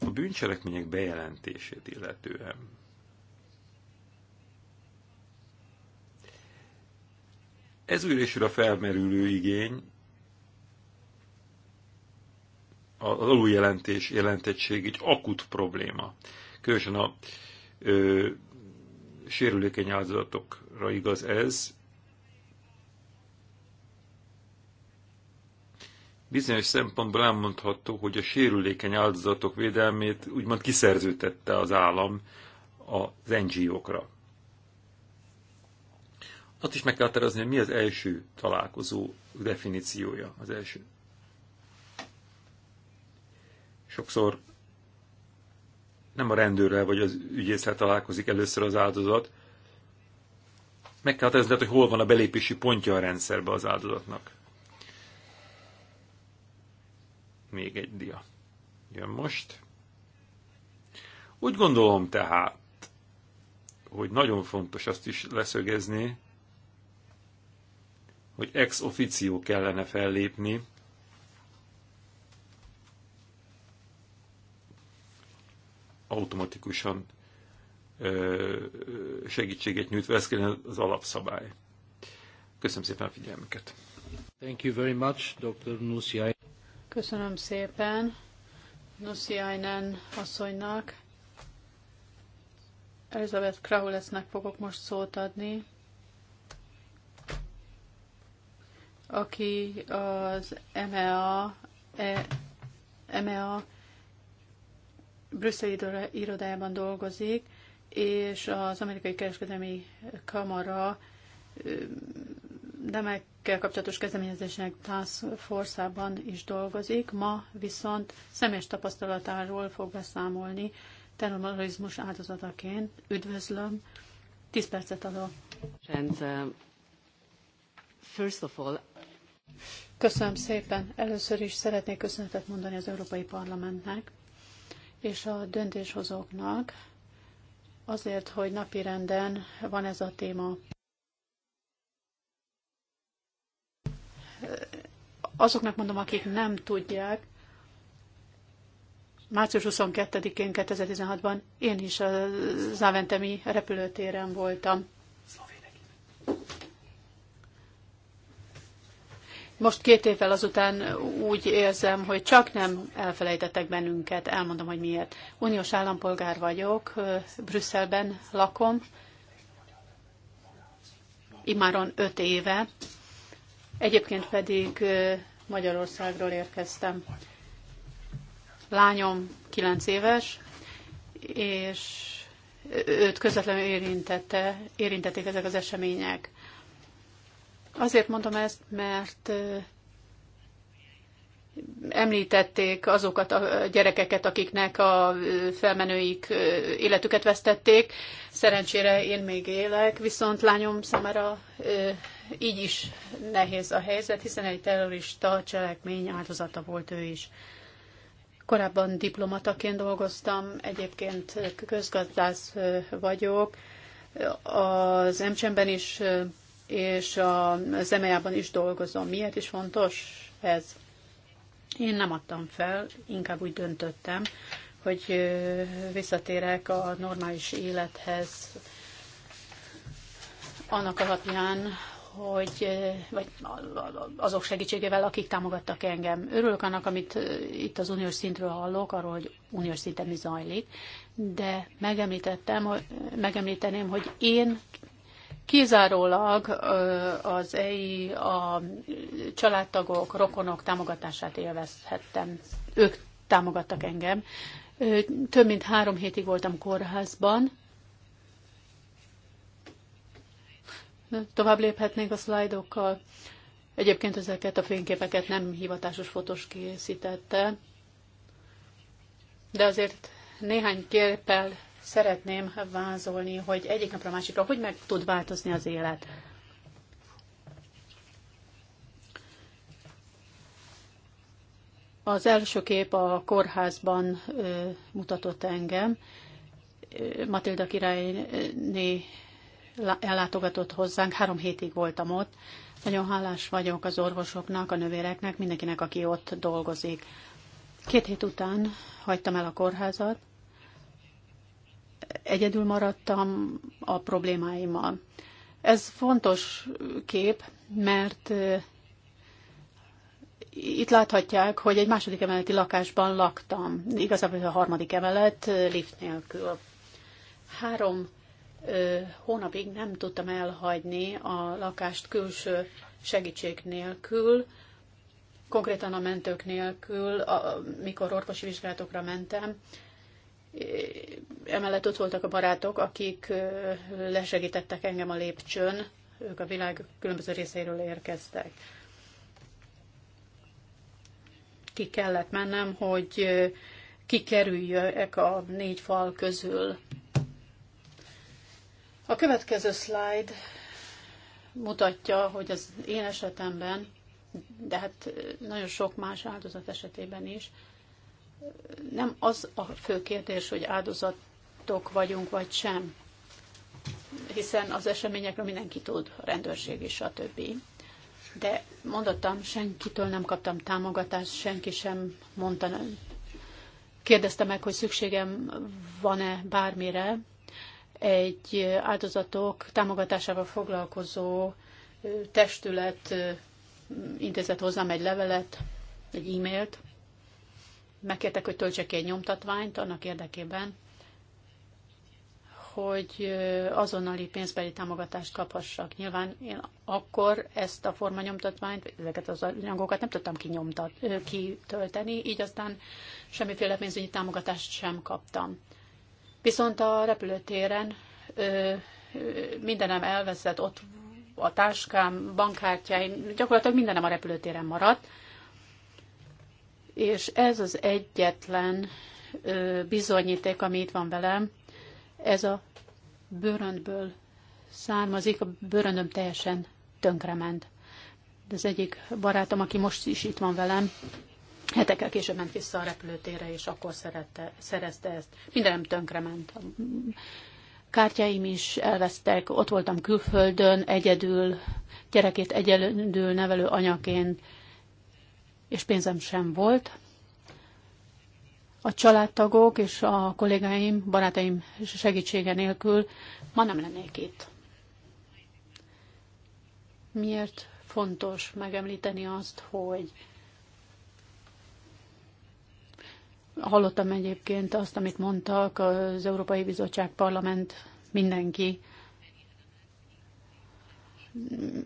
A bűncselekmények bejelentését illetően Ez újra és újra felmerülő igény, az aluljelentés jelentettség egy akut probléma. Különösen a ö, sérülékeny áldozatokra igaz ez. Bizonyos szempontból elmondható, hogy a sérülékeny áldozatok védelmét úgymond kiszerződtette az állam az NGO-kra azt is meg kell határozni, hogy mi az első találkozó definíciója, az első. Sokszor nem a rendőrrel vagy az ügyészrel találkozik először az áldozat, meg kell határozni, hogy hol van a belépési pontja a rendszerbe az áldozatnak. Még egy dia. Jön most. Úgy gondolom tehát, hogy nagyon fontos azt is leszögezni, hogy ex officio kellene fellépni, automatikusan ö, segítséget nyújtva, ez az alapszabály. Köszönöm szépen a figyelmüket. Thank you very much, Dr. Nusiai. Köszönöm szépen Nusiainen asszonynak. Elizabeth Kraulesnek fogok most szót adni. aki az MEA, e, EMEA e, e brüsszeli irodájában dolgozik, és az Amerikai Kereskedelmi Kamara nemekkel kapcsolatos kezdeményezésnek Task force is dolgozik, ma viszont személyes tapasztalatáról fog beszámolni terrorizmus áldozataként. Üdvözlöm, Tíz percet adok. Um, first of all, Köszönöm szépen. Először is szeretnék köszönetet mondani az Európai Parlamentnek és a döntéshozóknak azért, hogy napirenden van ez a téma. Azoknak mondom, akik nem tudják, március 22-én 2016-ban én is a Záventemi repülőtéren voltam Most két évvel azután úgy érzem, hogy csak nem elfelejtettek bennünket, elmondom, hogy miért. Uniós állampolgár vagyok, Brüsszelben lakom, Imáron öt éve, egyébként pedig Magyarországról érkeztem. Lányom kilenc éves, és őt közvetlenül érintette, érintették ezek az események. Azért mondom ezt, mert említették azokat a gyerekeket, akiknek a felmenőik életüket vesztették. Szerencsére én még élek, viszont lányom számára így is nehéz a helyzet, hiszen egy terrorista cselekmény áldozata volt ő is. Korábban diplomataként dolgoztam, egyébként közgazdász vagyok. Az emcsemben is és a zemejában is dolgozom. Miért is fontos ez? Én nem adtam fel, inkább úgy döntöttem, hogy visszatérek a normális élethez annak alapján, hogy, vagy azok segítségével, akik támogattak engem. Örülök annak, amit itt az uniós szintről hallok, arról, hogy uniós szinten mi zajlik, de megemlítettem, megemlíteném, hogy én kizárólag az EI a családtagok, rokonok támogatását élvezhettem. Ők támogattak engem. Több mint három hétig voltam kórházban. Tovább léphetnék a szlájdokkal. Egyébként ezeket a fényképeket nem hivatásos fotós készítette, de azért néhány képpel szeretném vázolni, hogy egyik napra a másikra hogy meg tud változni az élet. Az első kép a kórházban ö, mutatott engem. Matilda királyné ellátogatott hozzánk, három hétig voltam ott. Nagyon hálás vagyok az orvosoknak, a nővéreknek, mindenkinek, aki ott dolgozik. Két hét után hagytam el a kórházat, egyedül maradtam a problémáimmal. Ez fontos kép, mert itt láthatják, hogy egy második emeleti lakásban laktam. Igazából a harmadik emelet lift nélkül. Három hónapig nem tudtam elhagyni a lakást külső segítség nélkül, konkrétan a mentők nélkül, mikor orvosi vizsgálatokra mentem, Emellett ott voltak a barátok, akik lesegítettek engem a lépcsőn, ők a világ különböző részeiről érkeztek. Ki kellett mennem, hogy kikerüljek a négy fal közül. A következő slide mutatja, hogy az én esetemben, de hát nagyon sok más áldozat esetében is, nem az a fő kérdés, hogy áldozatok vagyunk vagy sem, hiszen az eseményekről mindenki tud, a rendőrség is, a többi. De mondottam, senkitől nem kaptam támogatást, senki sem mondta nem. Kérdezte meg, hogy szükségem van-e bármire. Egy áldozatok támogatásával foglalkozó testület intézett hozzám egy levelet, egy e-mailt, megkértek, hogy töltsek ki egy nyomtatványt annak érdekében, hogy azonnali pénzbeli támogatást kaphassak. Nyilván én akkor ezt a formanyomtatványt, ezeket az anyagokat nem tudtam kinyomtat, kitölteni, így aztán semmiféle pénzügyi támogatást sem kaptam. Viszont a repülőtéren mindenem elveszett, ott a táskám, bankkártyáim, gyakorlatilag mindenem a repülőtéren maradt, és ez az egyetlen bizonyíték, ami itt van velem, ez a bőröndből származik, a bőröndöm teljesen tönkrement. De az egyik barátom, aki most is itt van velem, hetekkel később ment vissza a repülőtérre, és akkor szerette, szerezte ezt. Mindenem tönkrement. Kártyáim is elvesztek, ott voltam külföldön, egyedül, gyerekét egyedül nevelő anyaként, és pénzem sem volt. A családtagok és a kollégáim, barátaim segítsége nélkül ma nem lennék itt. Miért fontos megemlíteni azt, hogy hallottam egyébként azt, amit mondtak az Európai Bizottság Parlament mindenki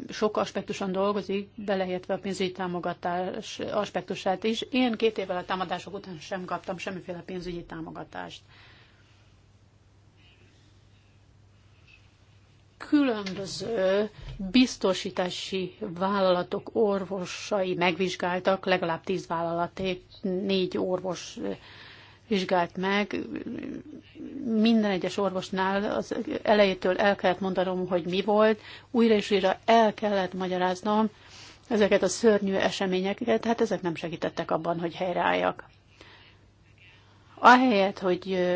sok aspektuson dolgozik, beleértve a pénzügyi támogatás aspektusát is. Én két évvel a támadások után sem kaptam semmiféle pénzügyi támogatást. Különböző biztosítási vállalatok orvosai megvizsgáltak, legalább tíz vállalaték, négy orvos vizsgált meg. Minden egyes orvosnál az elejétől el kellett mondanom, hogy mi volt, újra és újra el kellett magyaráznom ezeket a szörnyű eseményeket, hát ezek nem segítettek abban, hogy helyreálljak. Ahelyett, hogy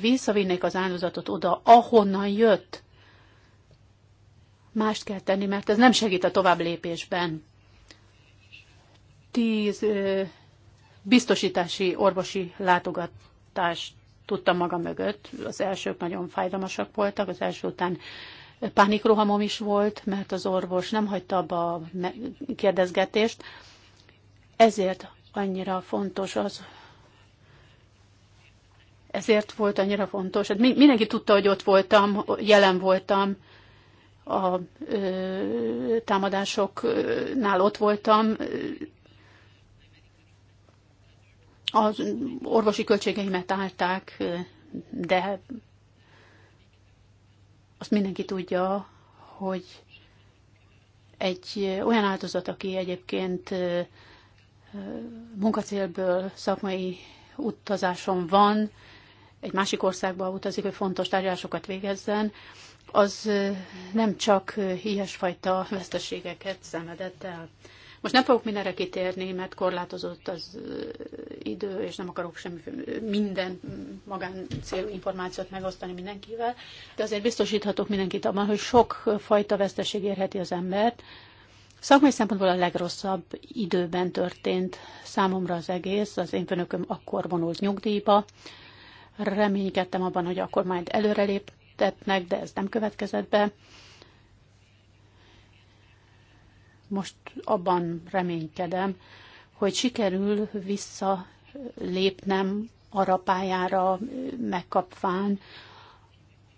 visszavinnék az áldozatot oda, ahonnan jött, mást kell tenni, mert ez nem segít a tovább lépésben. Tíz biztosítási orvosi látogatást tudtam maga mögött. Az elsők nagyon fájdalmasak voltak, az első után pánikrohamom is volt, mert az orvos nem hagyta abba a kérdezgetést. Ezért annyira fontos az, ezért volt annyira fontos. Hát mindenki tudta, hogy ott voltam, jelen voltam, a ö, támadásoknál ott voltam, az orvosi költségeimet állták, de azt mindenki tudja, hogy egy olyan áldozat, aki egyébként munkacélből szakmai utazáson van, egy másik országba utazik, hogy fontos tárgyalásokat végezzen, az nem csak ilyesfajta veszteségeket szenvedett el. Most nem fogok mindenre kitérni, mert korlátozott az idő, és nem akarok semmi minden magán célú információt megosztani mindenkivel, de azért biztosíthatok mindenkit abban, hogy sok fajta veszteség érheti az embert. Szakmai szempontból a legrosszabb időben történt számomra az egész. Az én főnököm akkor vonult nyugdíjba. Reménykedtem abban, hogy akkor majd előreléptetnek, de ez nem következett be most abban reménykedem, hogy sikerül visszalépnem arra pályára megkapván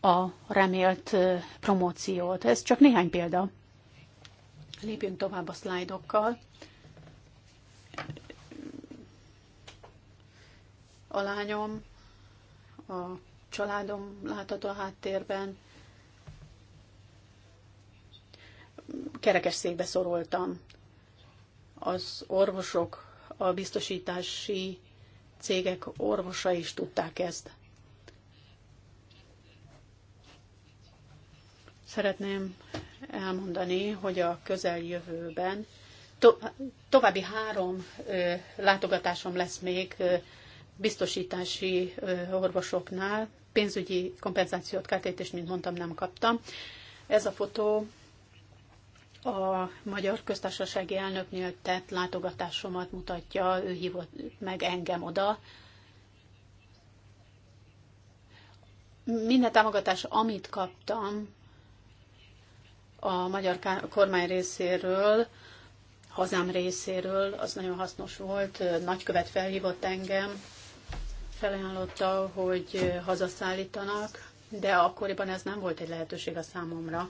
a remélt promóciót. Ez csak néhány példa. Lépjünk tovább a szlájdokkal. A lányom, a családom látható a háttérben, kerekes székbe szoroltam. Az orvosok, a biztosítási cégek orvosa is tudták ezt. Szeretném elmondani, hogy a közeljövőben to- további három ö, látogatásom lesz még ö, biztosítási ö, orvosoknál. Pénzügyi kompenzációt, kártétést, mint mondtam, nem kaptam. Ez a fotó a Magyar Köztársasági Elnöknél tett látogatásomat mutatja, ő hívott meg engem oda. Minden támogatás, amit kaptam a magyar kormány részéről, hazám részéről, az nagyon hasznos volt. Nagykövet felhívott engem, felajánlotta, hogy hazaszállítanak, de akkoriban ez nem volt egy lehetőség a számomra.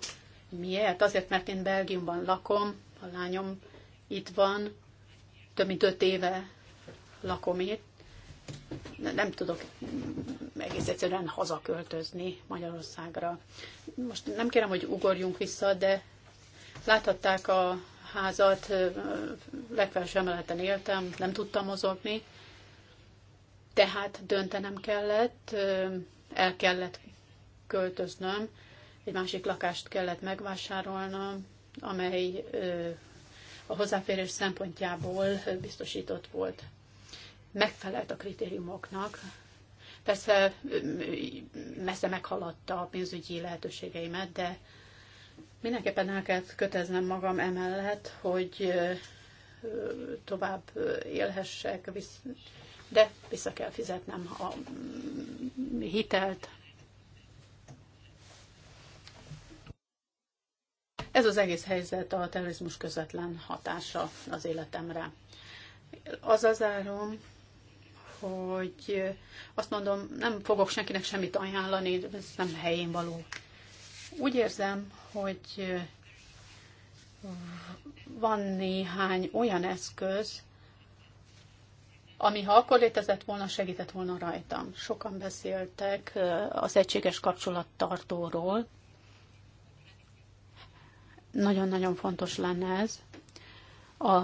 Miért? Azért, mert én Belgiumban lakom, a lányom itt van, több mint öt éve lakom itt. Nem tudok egész egyszerűen hazaköltözni Magyarországra. Most nem kérem, hogy ugorjunk vissza, de láthatták a házat, legfelső emeleten éltem, nem tudtam mozogni, tehát döntenem kellett, el kellett költöznöm, egy másik lakást kellett megvásárolnom, amely a hozzáférés szempontjából biztosított volt. Megfelelt a kritériumoknak. Persze messze meghaladta a pénzügyi lehetőségeimet, de mindenképpen el kellett köteznem magam emellett, hogy tovább élhessek, de vissza kell fizetnem a hitelt, Ez az egész helyzet a terrorizmus közvetlen hatása az életemre. Az árom, hogy azt mondom, nem fogok senkinek semmit ajánlani, ez nem helyén való. Úgy érzem, hogy van néhány olyan eszköz, ami ha akkor létezett volna, segített volna rajtam. Sokan beszéltek az egységes kapcsolattartóról, nagyon-nagyon fontos lenne ez. A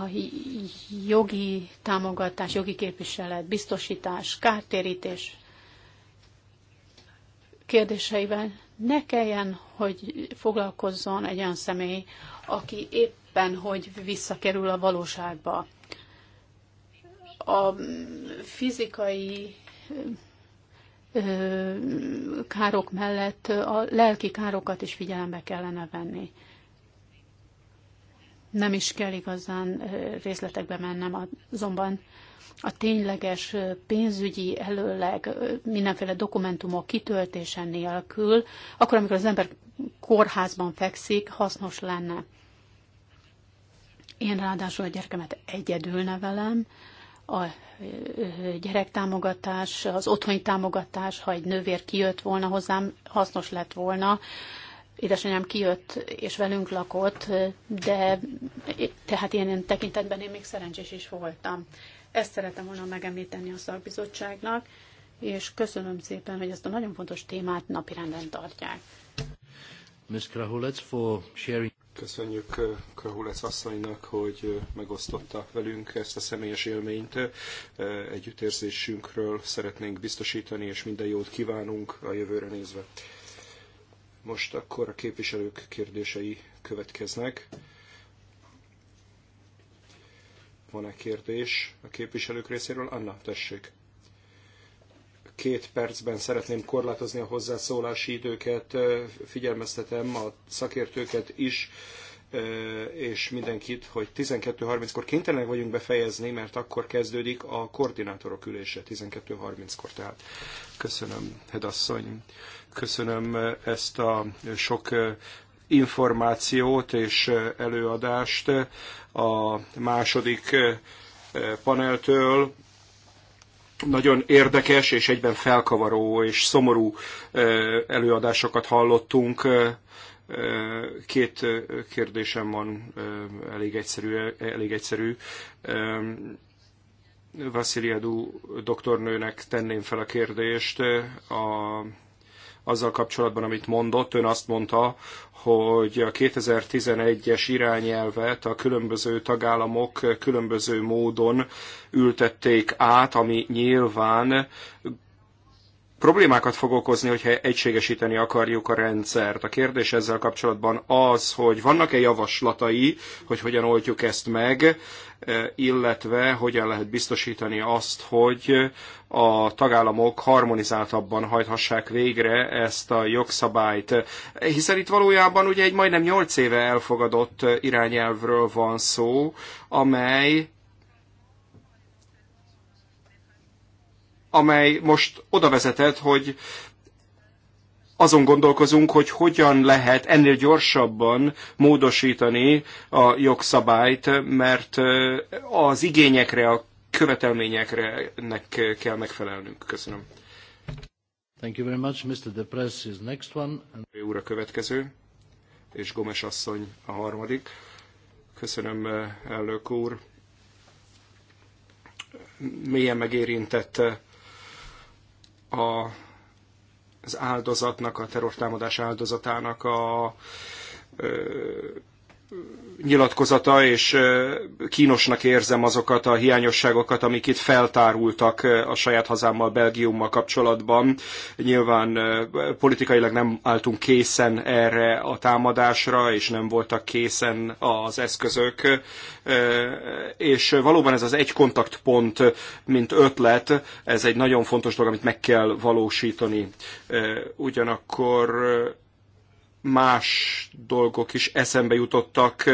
jogi támogatás, jogi képviselet, biztosítás, kártérítés kérdéseivel ne kelljen, hogy foglalkozzon egy olyan személy, aki éppen, hogy visszakerül a valóságba. A fizikai károk mellett a lelki károkat is figyelembe kellene venni nem is kell igazán részletekbe mennem, azonban a tényleges pénzügyi előleg mindenféle dokumentumok kitöltése nélkül, akkor, amikor az ember kórházban fekszik, hasznos lenne. Én ráadásul a gyerekemet egyedül nevelem, a gyerektámogatás, az otthoni támogatás, ha egy nővér kijött volna hozzám, hasznos lett volna, édesanyám kijött és velünk lakott, de tehát ilyen tekintetben én még szerencsés is voltam. Ezt szeretem volna megemlíteni a szakbizottságnak, és köszönöm szépen, hogy ezt a nagyon fontos témát napirenden tartják. Ms. Krahulec for sharing. Köszönjük eh, Krahulec asszonynak, hogy eh, megosztotta velünk ezt a személyes élményt. Eh, együttérzésünkről szeretnénk biztosítani, és minden jót kívánunk a jövőre nézve. Most akkor a képviselők kérdései következnek. Van-e kérdés a képviselők részéről? Anna, tessék. Két percben szeretném korlátozni a hozzászólási időket. Figyelmeztetem a szakértőket is, és mindenkit, hogy 12.30-kor kénytelenek vagyunk befejezni, mert akkor kezdődik a koordinátorok ülése 12.30-kor. Tehát köszönöm, Hedasszony. asszony. Köszönöm ezt a sok eh, információt és eh, előadást a második eh, paneltől. Nagyon érdekes és egyben felkavaró és szomorú előadásokat hallottunk. Két kérdésem van, elég egyszerű. Elég egyszerű. Vasziliadú doktornőnek tenném fel a kérdést a azzal kapcsolatban, amit mondott. Ön azt mondta, hogy a 2011-es irányelvet a különböző tagállamok különböző módon ültették át, ami nyilván problémákat fog okozni, hogyha egységesíteni akarjuk a rendszert. A kérdés ezzel kapcsolatban az, hogy vannak-e javaslatai, hogy hogyan oldjuk ezt meg, e, illetve hogyan lehet biztosítani azt, hogy a tagállamok harmonizáltabban hajthassák végre ezt a jogszabályt. Hiszen itt valójában ugye egy majdnem 8 éve elfogadott irányelvről van szó, amely amely most oda vezetett, hogy azon gondolkozunk, hogy hogyan lehet ennél gyorsabban módosítani a jogszabályt, mert az igényekre, a követelményekre nek kell megfelelnünk. Köszönöm. Thank you very much. Mr. Press is next one. And... Úr a következő, és Gomes asszony a harmadik. Köszönöm, elnök úr. Mélyen megérintette a, az áldozatnak, a terrortámadás áldozatának a nyilatkozata, és kínosnak érzem azokat a hiányosságokat, amik itt feltárultak a saját hazámmal, Belgiummal kapcsolatban. Nyilván politikailag nem álltunk készen erre a támadásra, és nem voltak készen az eszközök, és valóban ez az egy kontaktpont, mint ötlet, ez egy nagyon fontos dolog, amit meg kell valósítani. Ugyanakkor más dolgok is eszembe jutottak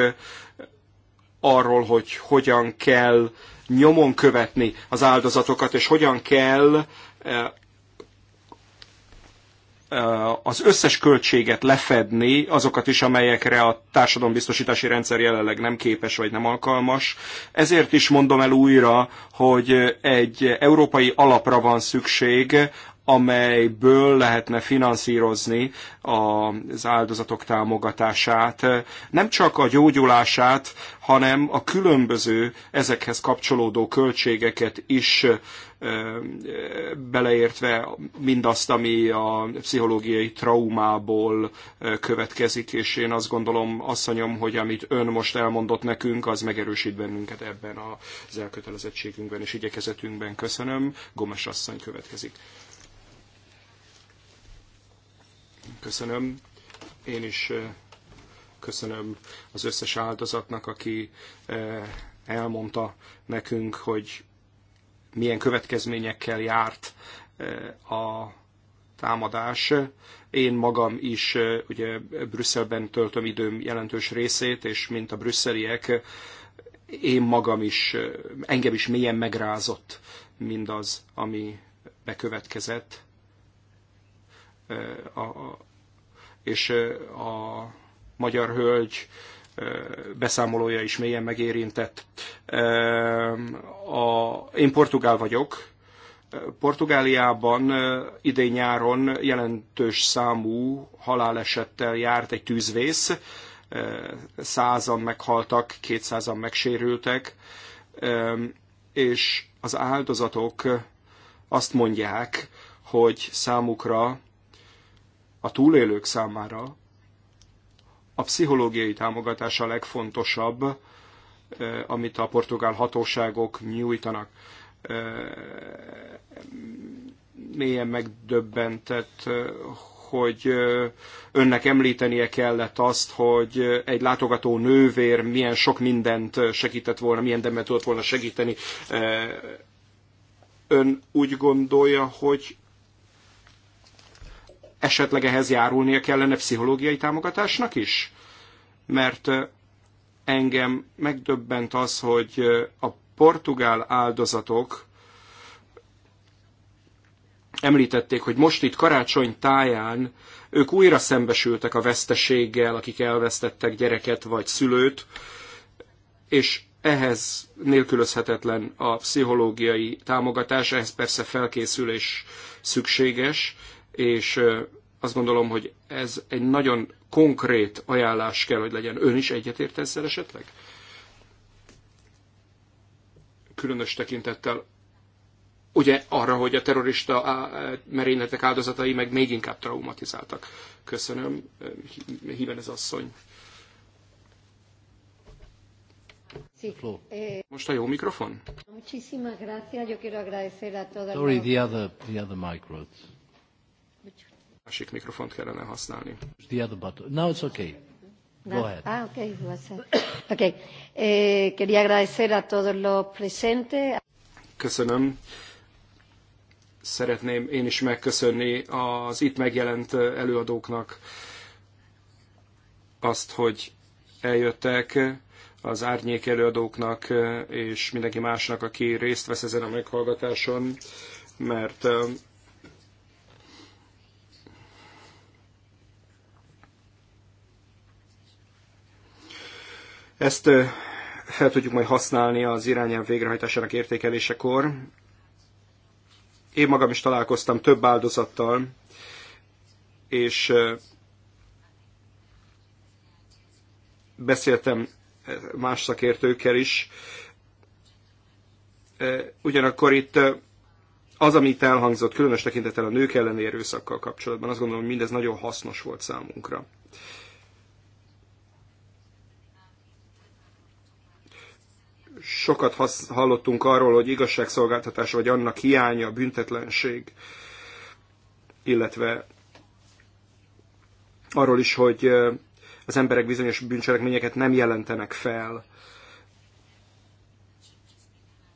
arról, hogy hogyan kell nyomon követni az áldozatokat, és hogyan kell az összes költséget lefedni, azokat is, amelyekre a társadalombiztosítási rendszer jelenleg nem képes vagy nem alkalmas. Ezért is mondom el újra, hogy egy európai alapra van szükség, amelyből lehetne finanszírozni az áldozatok támogatását, nem csak a gyógyulását, hanem a különböző ezekhez kapcsolódó költségeket is beleértve mindazt, ami a pszichológiai traumából következik, és én azt gondolom, asszonyom, hogy amit ön most elmondott nekünk, az megerősít bennünket ebben az elkötelezettségünkben és igyekezetünkben. Köszönöm. Gomes asszony következik. Köszönöm. Én is köszönöm az összes áldozatnak, aki elmondta nekünk, hogy milyen következményekkel járt a támadás. Én magam is ugye Brüsszelben töltöm időm jelentős részét, és mint a brüsszeliek, én magam is, engem is mélyen megrázott mindaz, ami bekövetkezett a, és a magyar hölgy beszámolója is mélyen megérintett. A, én portugál vagyok. Portugáliában idén nyáron jelentős számú halálesettel járt egy tűzvész. Százan meghaltak, kétszázan megsérültek, és az áldozatok azt mondják, hogy számukra a túlélők számára a pszichológiai támogatás a legfontosabb, eh, amit a portugál hatóságok nyújtanak. Eh, mélyen megdöbbentett, eh, hogy önnek említenie kellett azt, hogy egy látogató nővér milyen sok mindent segített volna, milyen demet tudott volna segíteni. Ön úgy gondolja, hogy esetleg ehhez járulnia kellene pszichológiai támogatásnak is? Mert engem megdöbbent az, hogy a portugál áldozatok említették, hogy most itt karácsony táján ők újra szembesültek a veszteséggel, akik elvesztettek gyereket vagy szülőt, és ehhez nélkülözhetetlen a pszichológiai támogatás, ehhez persze felkészülés szükséges, és azt gondolom, hogy ez egy nagyon konkrét ajánlás kell, hogy legyen. Ön is egyetért ezzel esetleg? Különös tekintettel ugye arra, hogy a terrorista merényletek áldozatai meg még inkább traumatizáltak. Köszönöm, híven ez asszony. Eh, Most a jó mikrofon? Sorry, the other, the other microphone. Másik mikrofont kellene használni. The other button. Now it's okay. Go ahead. Ah, okay. okay. Eh, quería agradecer a todos los presentes. Köszönöm. Szeretném én is megköszönni az itt megjelent eh, előadóknak azt, hogy eljöttek az árnyék előadóknak eh, és mindenki másnak, aki részt vesz ezen a meghallgatáson, mert eh, Ezt fel tudjuk majd használni az irányelv végrehajtásának értékelésekor. Én magam is találkoztam több áldozattal, és beszéltem más szakértőkkel is. Ugyanakkor itt az, amit elhangzott, különös tekintettel a nők elleni erőszakkal kapcsolatban, azt gondolom, hogy mindez nagyon hasznos volt számunkra. sokat hasz, hallottunk arról, hogy igazságszolgáltatás vagy annak hiánya, büntetlenség, illetve arról is, hogy az emberek bizonyos bűncselekményeket nem jelentenek fel.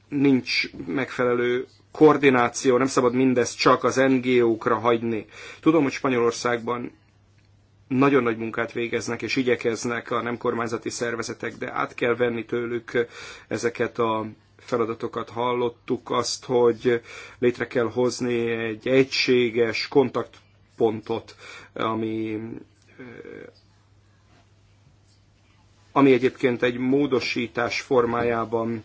Nincs megfelelő koordináció, nem szabad mindezt csak az NGO-kra hagyni. Tudom, hogy Spanyolországban nagyon nagy munkát végeznek és igyekeznek a nem kormányzati szervezetek, de át kell venni tőlük ezeket a feladatokat. Hallottuk azt, hogy létre kell hozni egy egységes kontaktpontot, ami eh, ami egyébként egy módosítás formájában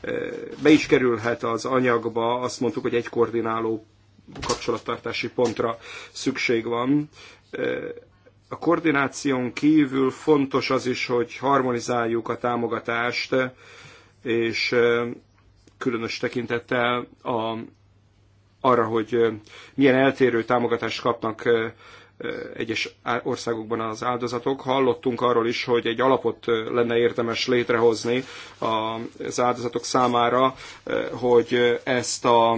eh, be is kerülhet az anyagba. Azt mondtuk, hogy egy koordináló kapcsolattartási pontra szükség van eh, a koordináción kívül fontos az is, hogy harmonizáljuk a támogatást, és különös tekintettel a, arra, hogy milyen eltérő támogatást kapnak Eh, egyes országokban az áldozatok. Hallottunk arról is, hogy egy alapot eh, lenne érdemes létrehozni az áldozatok számára, eh, hogy ezt a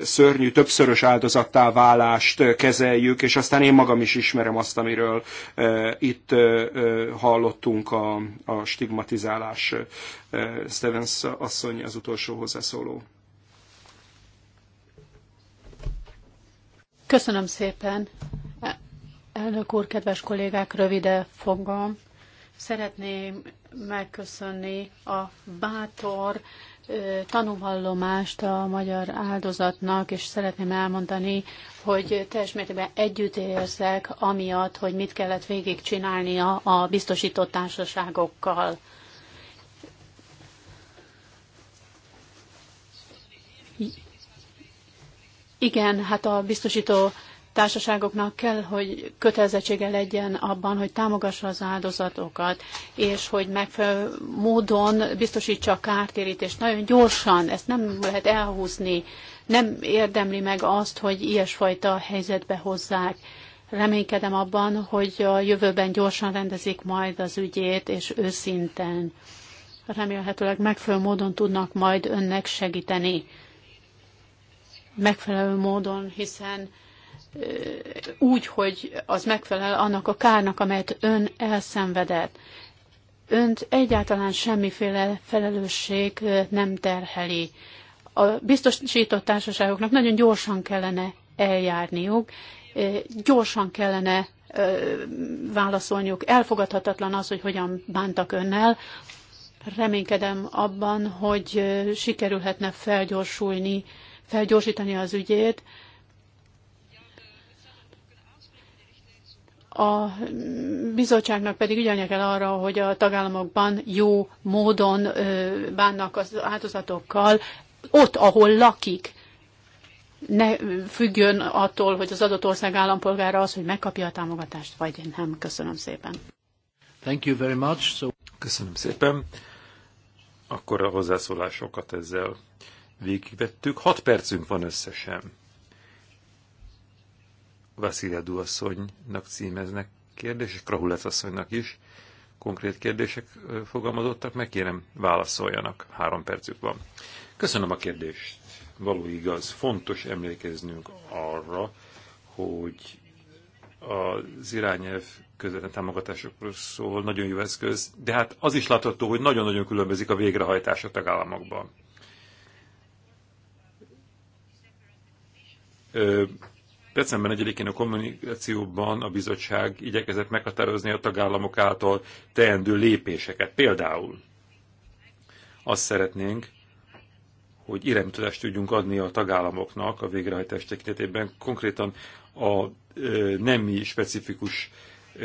szörnyű többszörös áldozattá válást kezeljük, és aztán én magam is ismerem azt, amiről itt hallottunk a, a stigmatizálás. Stevens asszony az utolsó hozzászóló. Köszönöm szépen. Elnök úr, kedves kollégák, rövide fogom. Szeretném megköszönni a bátor tanúvallomást a magyar áldozatnak, és szeretném elmondani, hogy teljes mértékben együtt érzek amiatt, hogy mit kellett végigcsinálnia a biztosított társaságokkal. Igen, hát a biztosító társaságoknak kell, hogy kötelezettsége legyen abban, hogy támogassa az áldozatokat, és hogy megfelelő módon biztosítsa a kártérítést nagyon gyorsan, ezt nem lehet elhúzni, nem érdemli meg azt, hogy ilyesfajta helyzetbe hozzák. Reménykedem abban, hogy a jövőben gyorsan rendezik majd az ügyét, és őszinten. Remélhetőleg megfelelő módon tudnak majd önnek segíteni megfelelő módon, hiszen úgy, hogy az megfelel annak a kárnak, amelyet ön elszenvedett. Önt egyáltalán semmiféle felelősség nem terheli. A biztosított társaságoknak nagyon gyorsan kellene eljárniuk, gyorsan kellene válaszolniuk. Elfogadhatatlan az, hogy hogyan bántak önnel. Reménykedem abban, hogy sikerülhetne felgyorsulni felgyorsítani az ügyét. A bizottságnak pedig ügyelnie kell arra, hogy a tagállamokban jó módon bánnak az áldozatokkal, ott, ahol lakik ne függjön attól, hogy az adott ország állampolgára az, hogy megkapja a támogatást, vagy nem. Köszönöm szépen. Thank you very much. So... Köszönöm szépen. Akkor a hozzászólásokat ezzel végigvettük. Hat percünk van összesen. Vasziliadú asszonynak címeznek kérdések, Krahulet asszonynak is konkrét kérdések fogalmazottak, meg kérem válaszoljanak, három percük van. Köszönöm a kérdést. Való igaz, fontos emlékeznünk arra, hogy az irányelv közvetlen támogatásokról szól, nagyon jó eszköz, de hát az is látható, hogy nagyon-nagyon különbözik a végrehajtás a tagállamokban. December 4-én a kommunikációban a bizottság igyekezett meghatározni a tagállamok által teendő lépéseket. Például azt szeretnénk, hogy iránytudást tudjunk adni a tagállamoknak a végrehajtás tekintetében, konkrétan a nemi specifikus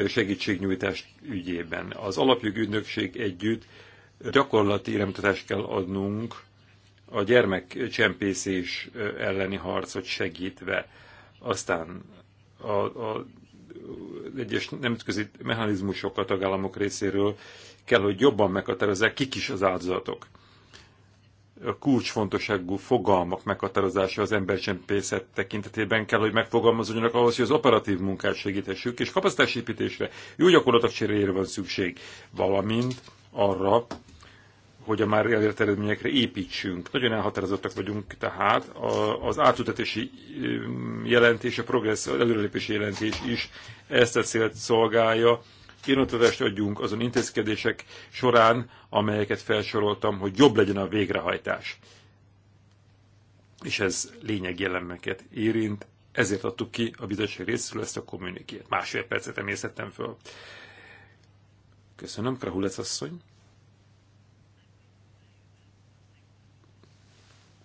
segítségnyújtás ügyében. Az alapjogi ügynökség együtt gyakorlati iránytudást kell adnunk a gyermekcsempészés elleni harcot segítve. Aztán a, a egyes nemzetközi mechanizmusok a tagállamok részéről kell, hogy jobban meghatározzák, kik is az áldozatok. A kulcsfontosságú fogalmak meghatározása az embercsempészet tekintetében kell, hogy megfogalmazódjanak ahhoz, hogy az operatív munkát segítessük, és kapacitásépítésre, jó gyakorlatok cseréjére van szükség, valamint arra, hogy a már elért eredményekre építsünk. Nagyon elhatározottak vagyunk tehát az átültetési jelentés, a progressz, az előrelépési jelentés is ezt a célt szolgálja. Irányotatást adjunk azon intézkedések során, amelyeket felsoroltam, hogy jobb legyen a végrehajtás. És ez jellemeket érint, ezért adtuk ki a bizottság részéről ezt a kommunikét. Másfél percet emészettem föl. Köszönöm, Krahulec asszony.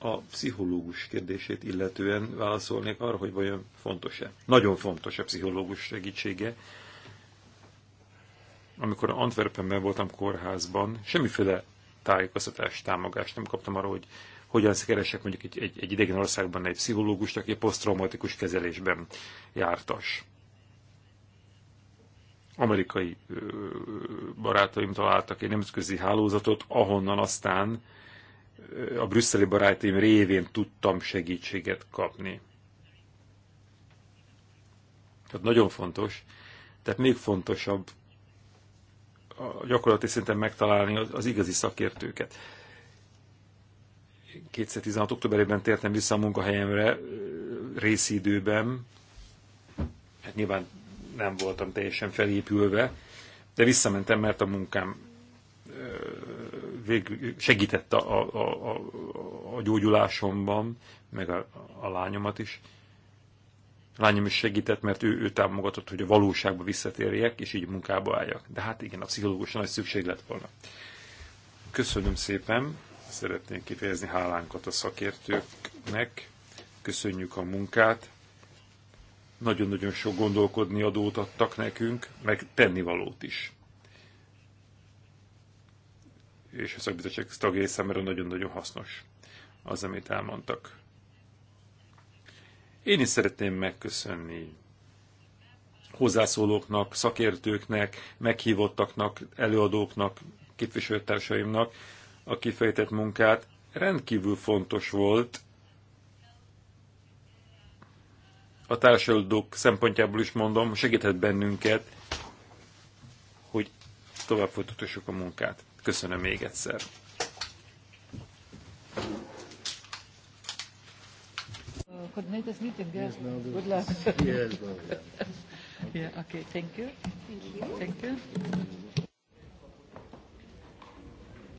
a pszichológus kérdését illetően válaszolnék arra, hogy vajon fontos-e. Nagyon fontos a pszichológus segítsége. Amikor Antwerpenben voltam kórházban, semmiféle tájékoztatást, támogást nem kaptam arra, hogy hogyan keresek mondjuk egy, egy, egy idegen országban egy pszichológust, aki poszttraumatikus kezelésben jártas. Amerikai ö, barátaim találtak egy nemzetközi hálózatot, ahonnan aztán a brüsszeli barátaim révén tudtam segítséget kapni. Tehát nagyon fontos, tehát még fontosabb a gyakorlati szinten megtalálni az, az igazi szakértőket. 2016. októberében tértem vissza a munkahelyemre részidőben. Hát nyilván nem voltam teljesen felépülve, de visszamentem, mert a munkám végül segített a, a, a, a gyógyulásomban, meg a, a lányomat is. A lányom is segített, mert ő, ő támogatott, hogy a valóságba visszatérjek, és így munkába álljak. De hát igen, a pszichológus nagy szükség lett volna. Köszönöm szépen, szeretnék kifejezni hálánkat a szakértőknek, köszönjük a munkát, nagyon-nagyon sok gondolkodni adót adtak nekünk, meg tennivalót is és a szakbizottság tagjai számára nagyon-nagyon hasznos az, amit elmondtak. Én is szeretném megköszönni hozzászólóknak, szakértőknek, meghívottaknak, előadóknak, képviselőtársaimnak a kifejtett munkát. Rendkívül fontos volt a társadalmok szempontjából is mondom, segíthet bennünket, hogy tovább folytatjuk a munkát. Köszönöm még egyszer. Good luck. yeah. Okay. Thank you. Thank you. Thank you.